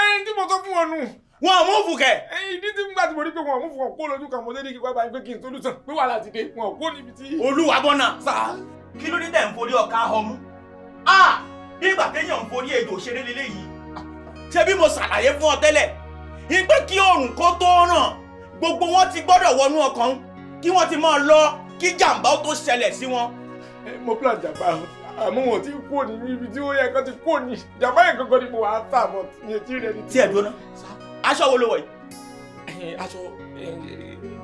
ẹni tí mo sọ fún wọn nù. wọn ò múfù kẹ̀. ìdí tí nígbà tí mo rí pé wọn ò múfù wọn kó lójú kan mo dé ní kí wọ́n bá gbé kí n tó lù tán pé wàhálà ti dé wọn ò kó níbi tí. olúwa bọ́nà. sá kí ló dé tẹ̀ ń forí ọ̀ka ọmú. a bí ìgbà téèyàn ń forí èdè òṣèré leléyìí. ṣé bí mo ṣàlàyé fún ọ tẹ́lẹ̀ ìgbé kí oòrùn kó tó ràn gbogbo wọn ti gbọ́dọ̀ wọnú ọkàn kí wọ́n ti máa lọ kí mo plan jàǹbá àmọ́ wọn ti kú òní níbi tí ó yẹ kán ti kú òní ìjàmbá yẹn gangan ni mo wà á tà mọ́ ní etí rẹ ni. tí ẹ dúró náà aṣọ wo ló wọ̀ yìí. aṣọ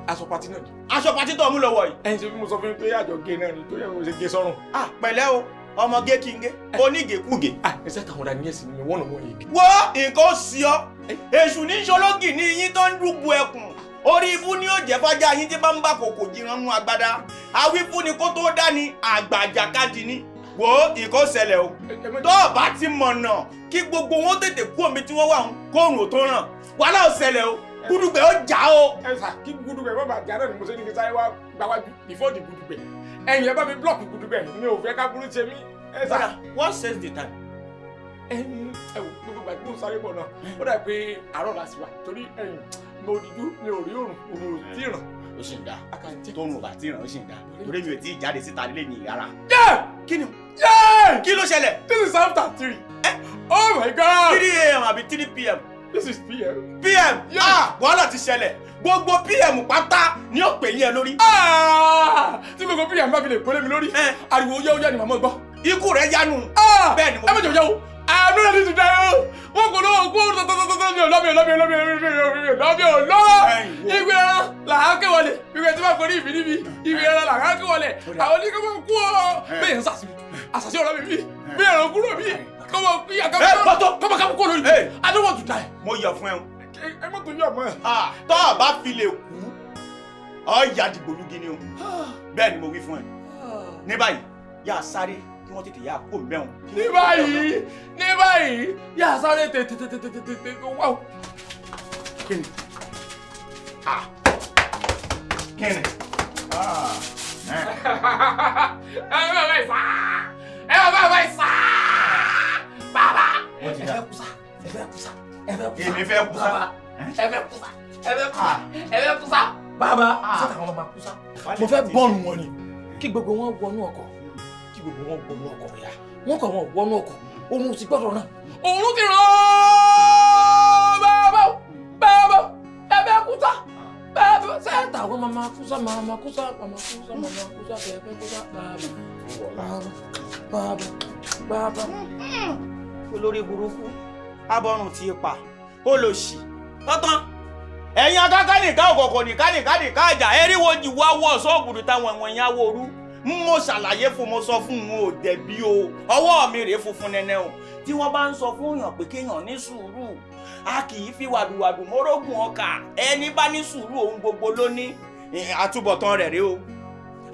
aṣọ pati náà. aṣọ pati tó mú lọ wọ̀ yìí. ẹyin ṣe bí mo sọ fún mi pé àjọ gé náà ni tó yẹ kó ṣe gé sọ́rùn. ah pẹ̀lẹ́ o ọmọ gé kí n gé onígèkúgè. Ah, ẹsẹ̀ táwọn ọ̀dà níyẹ̀sì ni wọ́n náà wọ̀ yìí. wo nǹkan sí ọ èṣù ní ṣọlọ́gì ní iyín tó ń dùbù ẹkùn orí ibú ni yóò jẹ́ fájà yín tí bá ń bá kòkò jiran nú agbada awífúnni kó tó dání àgbàjàkadì ni wo ìkó ṣẹlẹ̀ o tó o bá ti mọ̀nà kí gbogbo wọn tètè kú omi tí wọ́n wà ń kóòrùn tó ràn wàhálà ò ṣẹlẹ̀ o gudugbẹ ó jà o. ẹ sà kí gudugbẹ má bàa jà náà ni mo ṣe ní kí sáré wá gba wá before the gudugbẹ ẹ̀yin ẹ bá mi block gudugbẹ mi ò fẹ́ ká burú ṣe mí. ẹ sà what says the time. ẹ ẹ wò gbogbo ìgbà tí mo sáré bọ̀ náà ó dà pé àárọ̀ la sì wà torí mo dúdú mi ò rí òrùn òrùn ò tí ì ràn ó sì ń da tó ń bá tí ìràn ó sì ń da torí mi ò tí ì jáde síta nílé ní ìyára. kí ni Yeah! Kí ló ṣẹlẹ̀? This is after three. Eh? Oh my God! Three a.m. àbí three p.m. This is p.m. p.m. Yeah. Ah! Wàhálà ti ṣẹlẹ̀. Gbogbo p.m. pátá ni ó pè yín ẹ lórí. Ah! Tí gbogbo p.m. bá fi lè gbólé mi lórí, eh? ariwo yẹ́wúyẹ́ ni màmá gbọ́. Ikú rẹ̀ yánu. Ah! Bẹ́ẹ̀ ni mo. Ẹ má jẹun jẹun. Ah, I'm not ready to die o. Wọ́n kò lọ́wọ́ kú tọ́tọ́tọ́tọ́ mi ò lọ́mi ò lọ́mi ò lọ́mi ò lọ́mi ò lọ́mi ò lọ́mi ò lọ́wọ́. Ìwé ẹran làá kéwọlé. Ìwé tí wọ́n kò ní ìbí níbi. Ìwé ẹran làá kéwọlé. Àwọn oníkẹ́kọ̀ọ́ kú o. Eh. Bẹ́ẹ̀ ń sàṣìbí àṣàṣe ọ̀rọ̀ mi bí bí ẹ̀rọ kúrò bí kọ́mọ bí àgàmọ́ kọ́mọ kápọ̀ kọ́ lórí I don't want to die. mo yà fún ẹ o. ẹ má tún yà mọ́ ẹ. Ah, tọ́ a bá fi lè kú ọ yà dìgbò lúgi ni o bẹ́ẹ̀ ni mo wí fún ẹ ní báyìí yà á sáré kí wọ́n tètè yà á kó mẹ́wọ̀n. ní báyìí Ah. báyìí Ah. á sáré tètè tètè tètè tètè wá o. kí ni ah. kí ni. Ah. <laughs> ẹ vai vai báyìí Baba. bàbá ẹ fẹ́ kú sá ẹ fẹ́ kú sá vai fẹ́ kú sá èmi fẹ́ vai sá Baba. Você tá sá ẹ fẹ́ kú sá ẹ fẹ́ kú sá. bàbá sátà ah. ah. kan máa kú sá mo fẹ́ bọ́ọ̀lù wọn ni kí gbogbo wọn wọnú ọkọ̀ kí gbogbo wọn wọnú ọkọ̀ ya wọn kọ̀ wọn wọnú ọkọ̀ òun ti gbọ́dọ̀ náà òun ti rán bàbá bàbá ẹ fẹ́ kú sá bàbá sẹ́ńtà wọn máa kú sá máa kú sá máa kú sá máa kú sá máa kú Baba, Baba, mm-hmm. olori buruku. abọ́rùn ti pa olòṣì tọ́tán ẹ̀yin akáká nìkan ọ̀kọ̀ọ̀kọ̀ nìkan nìkan nìkan àjà eriwo jìwọ́ wọ̀ sọ́ọ̀gùdù táwọn ẹ̀wọ̀n yẹn awọ orú mo ṣàlàyé fún mo sọ fún un ò dẹ̀bi o ọwọ́ mi rèé funfun nẹ́nẹ́ o tí wọ́n bá ń sọ fún èèyàn pé kéèyàn ní a kì í fi wàdùwàdù mórógùn ọkà ẹni bá ní sùúrù òun gbogbo ló ní àtúbọ̀tán rẹ̀ rèé o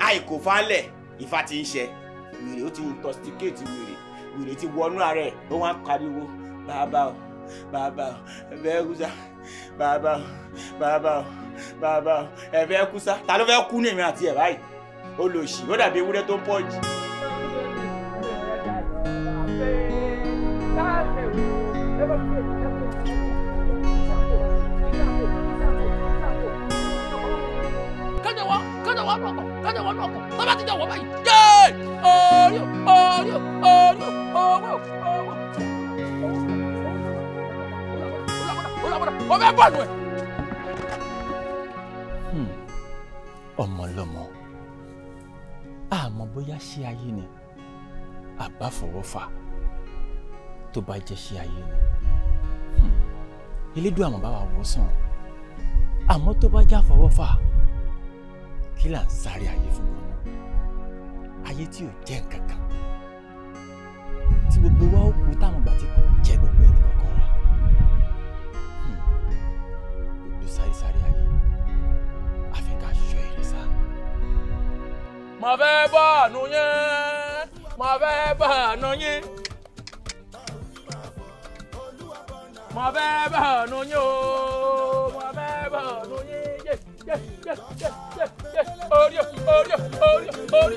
àìkò falẹ̀ ìfà ti ń wèrè ó ti intoxicate wèrè wèrè ti wọnú ara ẹ̀ ó wá ń pariwo bàbá o bàbá o ẹ̀fẹ́ kúsá bàbá o bàbá o bàbá o ẹ̀fẹ́ kúsá ta ló fẹ́ kú ní èmi àti ẹ̀ báyìí olóṣì ó dàbí ewúrẹ́ tó ń pọ́ọ̀jì. kájà wọ́n kájà wọ́n nù ọkọ̀ kájà wọ́n nù ọkọ̀ tọ́ba ti jà wọ́n báyìí yéé orí orí orí owó owó. ọbẹ̀ bọ̀ nù ẹ̀. ọmọ lọmọ àmọ́ bóyá ṣé ayé ni àbáfọwọ́fà tó bá jẹ́ ṣé ayé ni hmm. elédùn àmọ́ bá wà wò sàn àmọ́ tó bá já fọwọ́fà kí là ń sáré ayé fún wọn ayé tí ò jẹ́ kankan tí gbogbo wa ó kú táwọn ìgbà tí kò jẹ́ gbogbo ẹni kankan wa gbogbo hmm. sáré sáré ayé àfi ká ṣọ́ èrè sá. màá fẹ́ bá àánú yẹn màá fẹ́ bá àánú yẹn mo fẹ́ bọ̀ ọ̀nù yín o mo fẹ́ bọ̀ ọ̀nù yín yé yé yé yé orí orí orí orí.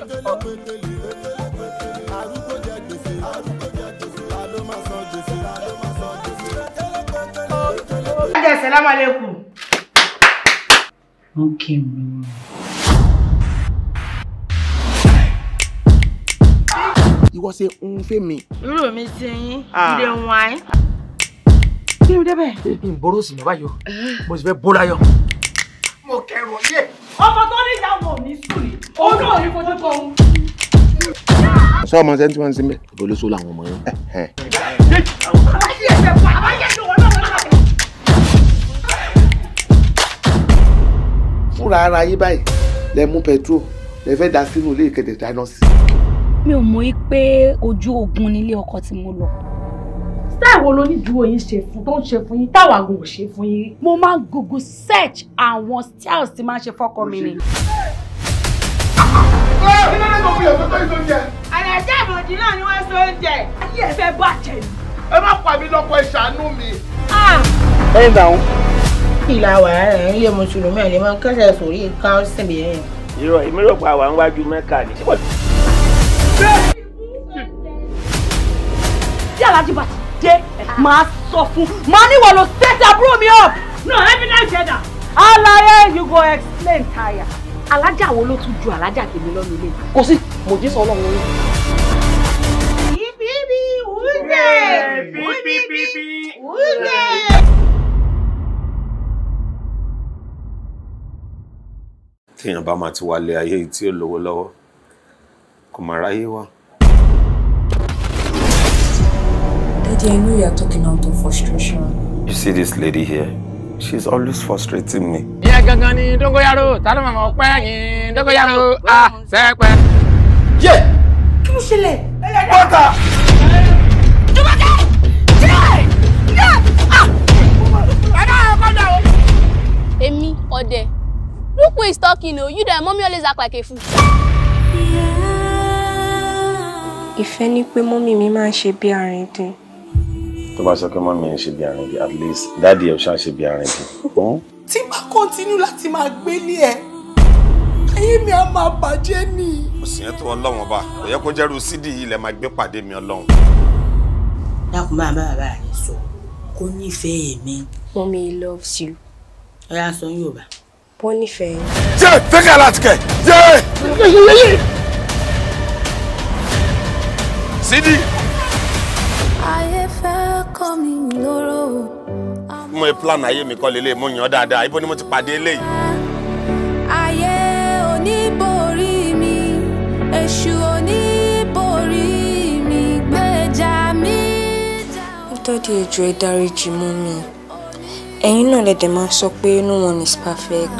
arúgbó jẹ gbèsè arúgbó jẹ gbèsè aló máa san gbèsè aló máa san gbèsè. ọjà sàlámù alẹ́kùn. wọ́n kí mi. ìwọ ṣe ń fẹ́ mi. irú mi ti yín ilé wọn ayé. kí ni débẹ̀. ìbòrò sì ní báyọ̀ mo sì fẹ́ bó láyọ̀. mo kẹrù ọyẹ́ ọmọ tó ní ìyàwó ní sùn ni òun náà ní fojú kọ òun. sọ ọmọ sẹ́ńtì wọn sí mẹ́. ìbọlẹ́sọ làwọn ọmọ yẹn. fúnra ara yín báyìí lẹ mú pẹtrol lẹ fẹ́ da sínú ilé ìkẹtẹ̀ dáná sí. mi ò mọ̀ pé ojú ogun nílé ọkọ tí mo lọ táìwo ló ní ṣe fún tó ń ṣe fún yín táwa gò ò ṣe fún yín. mo máa ń google search àwọn styles tí máa ń ṣe fọ́kọ mi ni. ọ̀rọ̀ kí ló dé tó fi ọ̀tọ́ tó ìtò oúnjẹ. àlàjá ìmọ̀dí náà ni wọ́n ṣe oúnjẹ. ayé ẹ fẹ́ bàjẹ́ ni. ẹ má pa mí lọ́kọ ẹ ṣàánú mi. Ah! ẹ ń dàrún. ìlà wàhálà ẹ̀ ń lé mùsùlùmí ẹ̀ lè máa kẹ́sẹ̀ sórí káńsì bìíní. irọ́ ìmírọ̀pọ̀ àwọn àwájú mẹ́ka dé máa sọ fún máa níwọ ló set àbúrò mi up. no evidence yẹn dà. alaye you go explain tire. alájà wo ló tún ju alájà tèmi lọ́nu ilé. kò sí mo jí sọ ọlọ́run lórí. bíbí wúlé bíbí wúlé. téèyàn bá máa ti wálé ayé tí ó lówó lọ́wọ́ kò máa ráyé wá. Daddy, I know you're talking out of frustration. You see this lady here? She's always frustrating me. Yeah, Gangani, don't go yaro. Tell him I'm Don't go yaro. Ah, say Yeah. Kí ló ṣẹlẹ̀? Bọ́tà. Jùmọ̀kẹ́! Jẹ́! Yẹ́! Ah! Ẹ̀dá ẹ̀kọ́ dà o. Èmi, ọ̀dẹ̀. Look who is talking o. You there, mommy always act like a fool. If any pé mọ́mì mi she be anything tó bá sọ pé mọ́mí ẹ̀ ṣe bí arìnrìn at least dáàdi ẹ̀ ṣáà ṣe bí arìnrìn. tí bá kọ́ntínú láti máa gbé ní ẹ ayé mi á máa bàjẹ́ ni. kò sí yẹn tó ọlọ́run ọba kò yẹ kó jẹ́rú sídì yìí lẹ máa gbé pàdé mi ọlọ́run. dákun máa bá bàbá rẹ sọ kó nífẹ̀ẹ́ mi. mọ́mí loves you. ọ̀rẹ́ aṣọ yorùbá. wọ́n nífẹ̀ẹ́. jẹ́ fẹ́kẹ́ láti kẹ̀ jẹ́. sídì mo ye plan ayé mi kọ́ lélẹ̀ mo yàn ọ́ dáadáa ibo ni mo ti pàdé eléyìí. ayé oníborí mi èṣù oníborí mi gbèjà mi. ó dọ́dí ìjọ ìdáríjì mú mi ẹ̀yin náà lẹ́dẹ̀ máa sọ pé no one is perfect.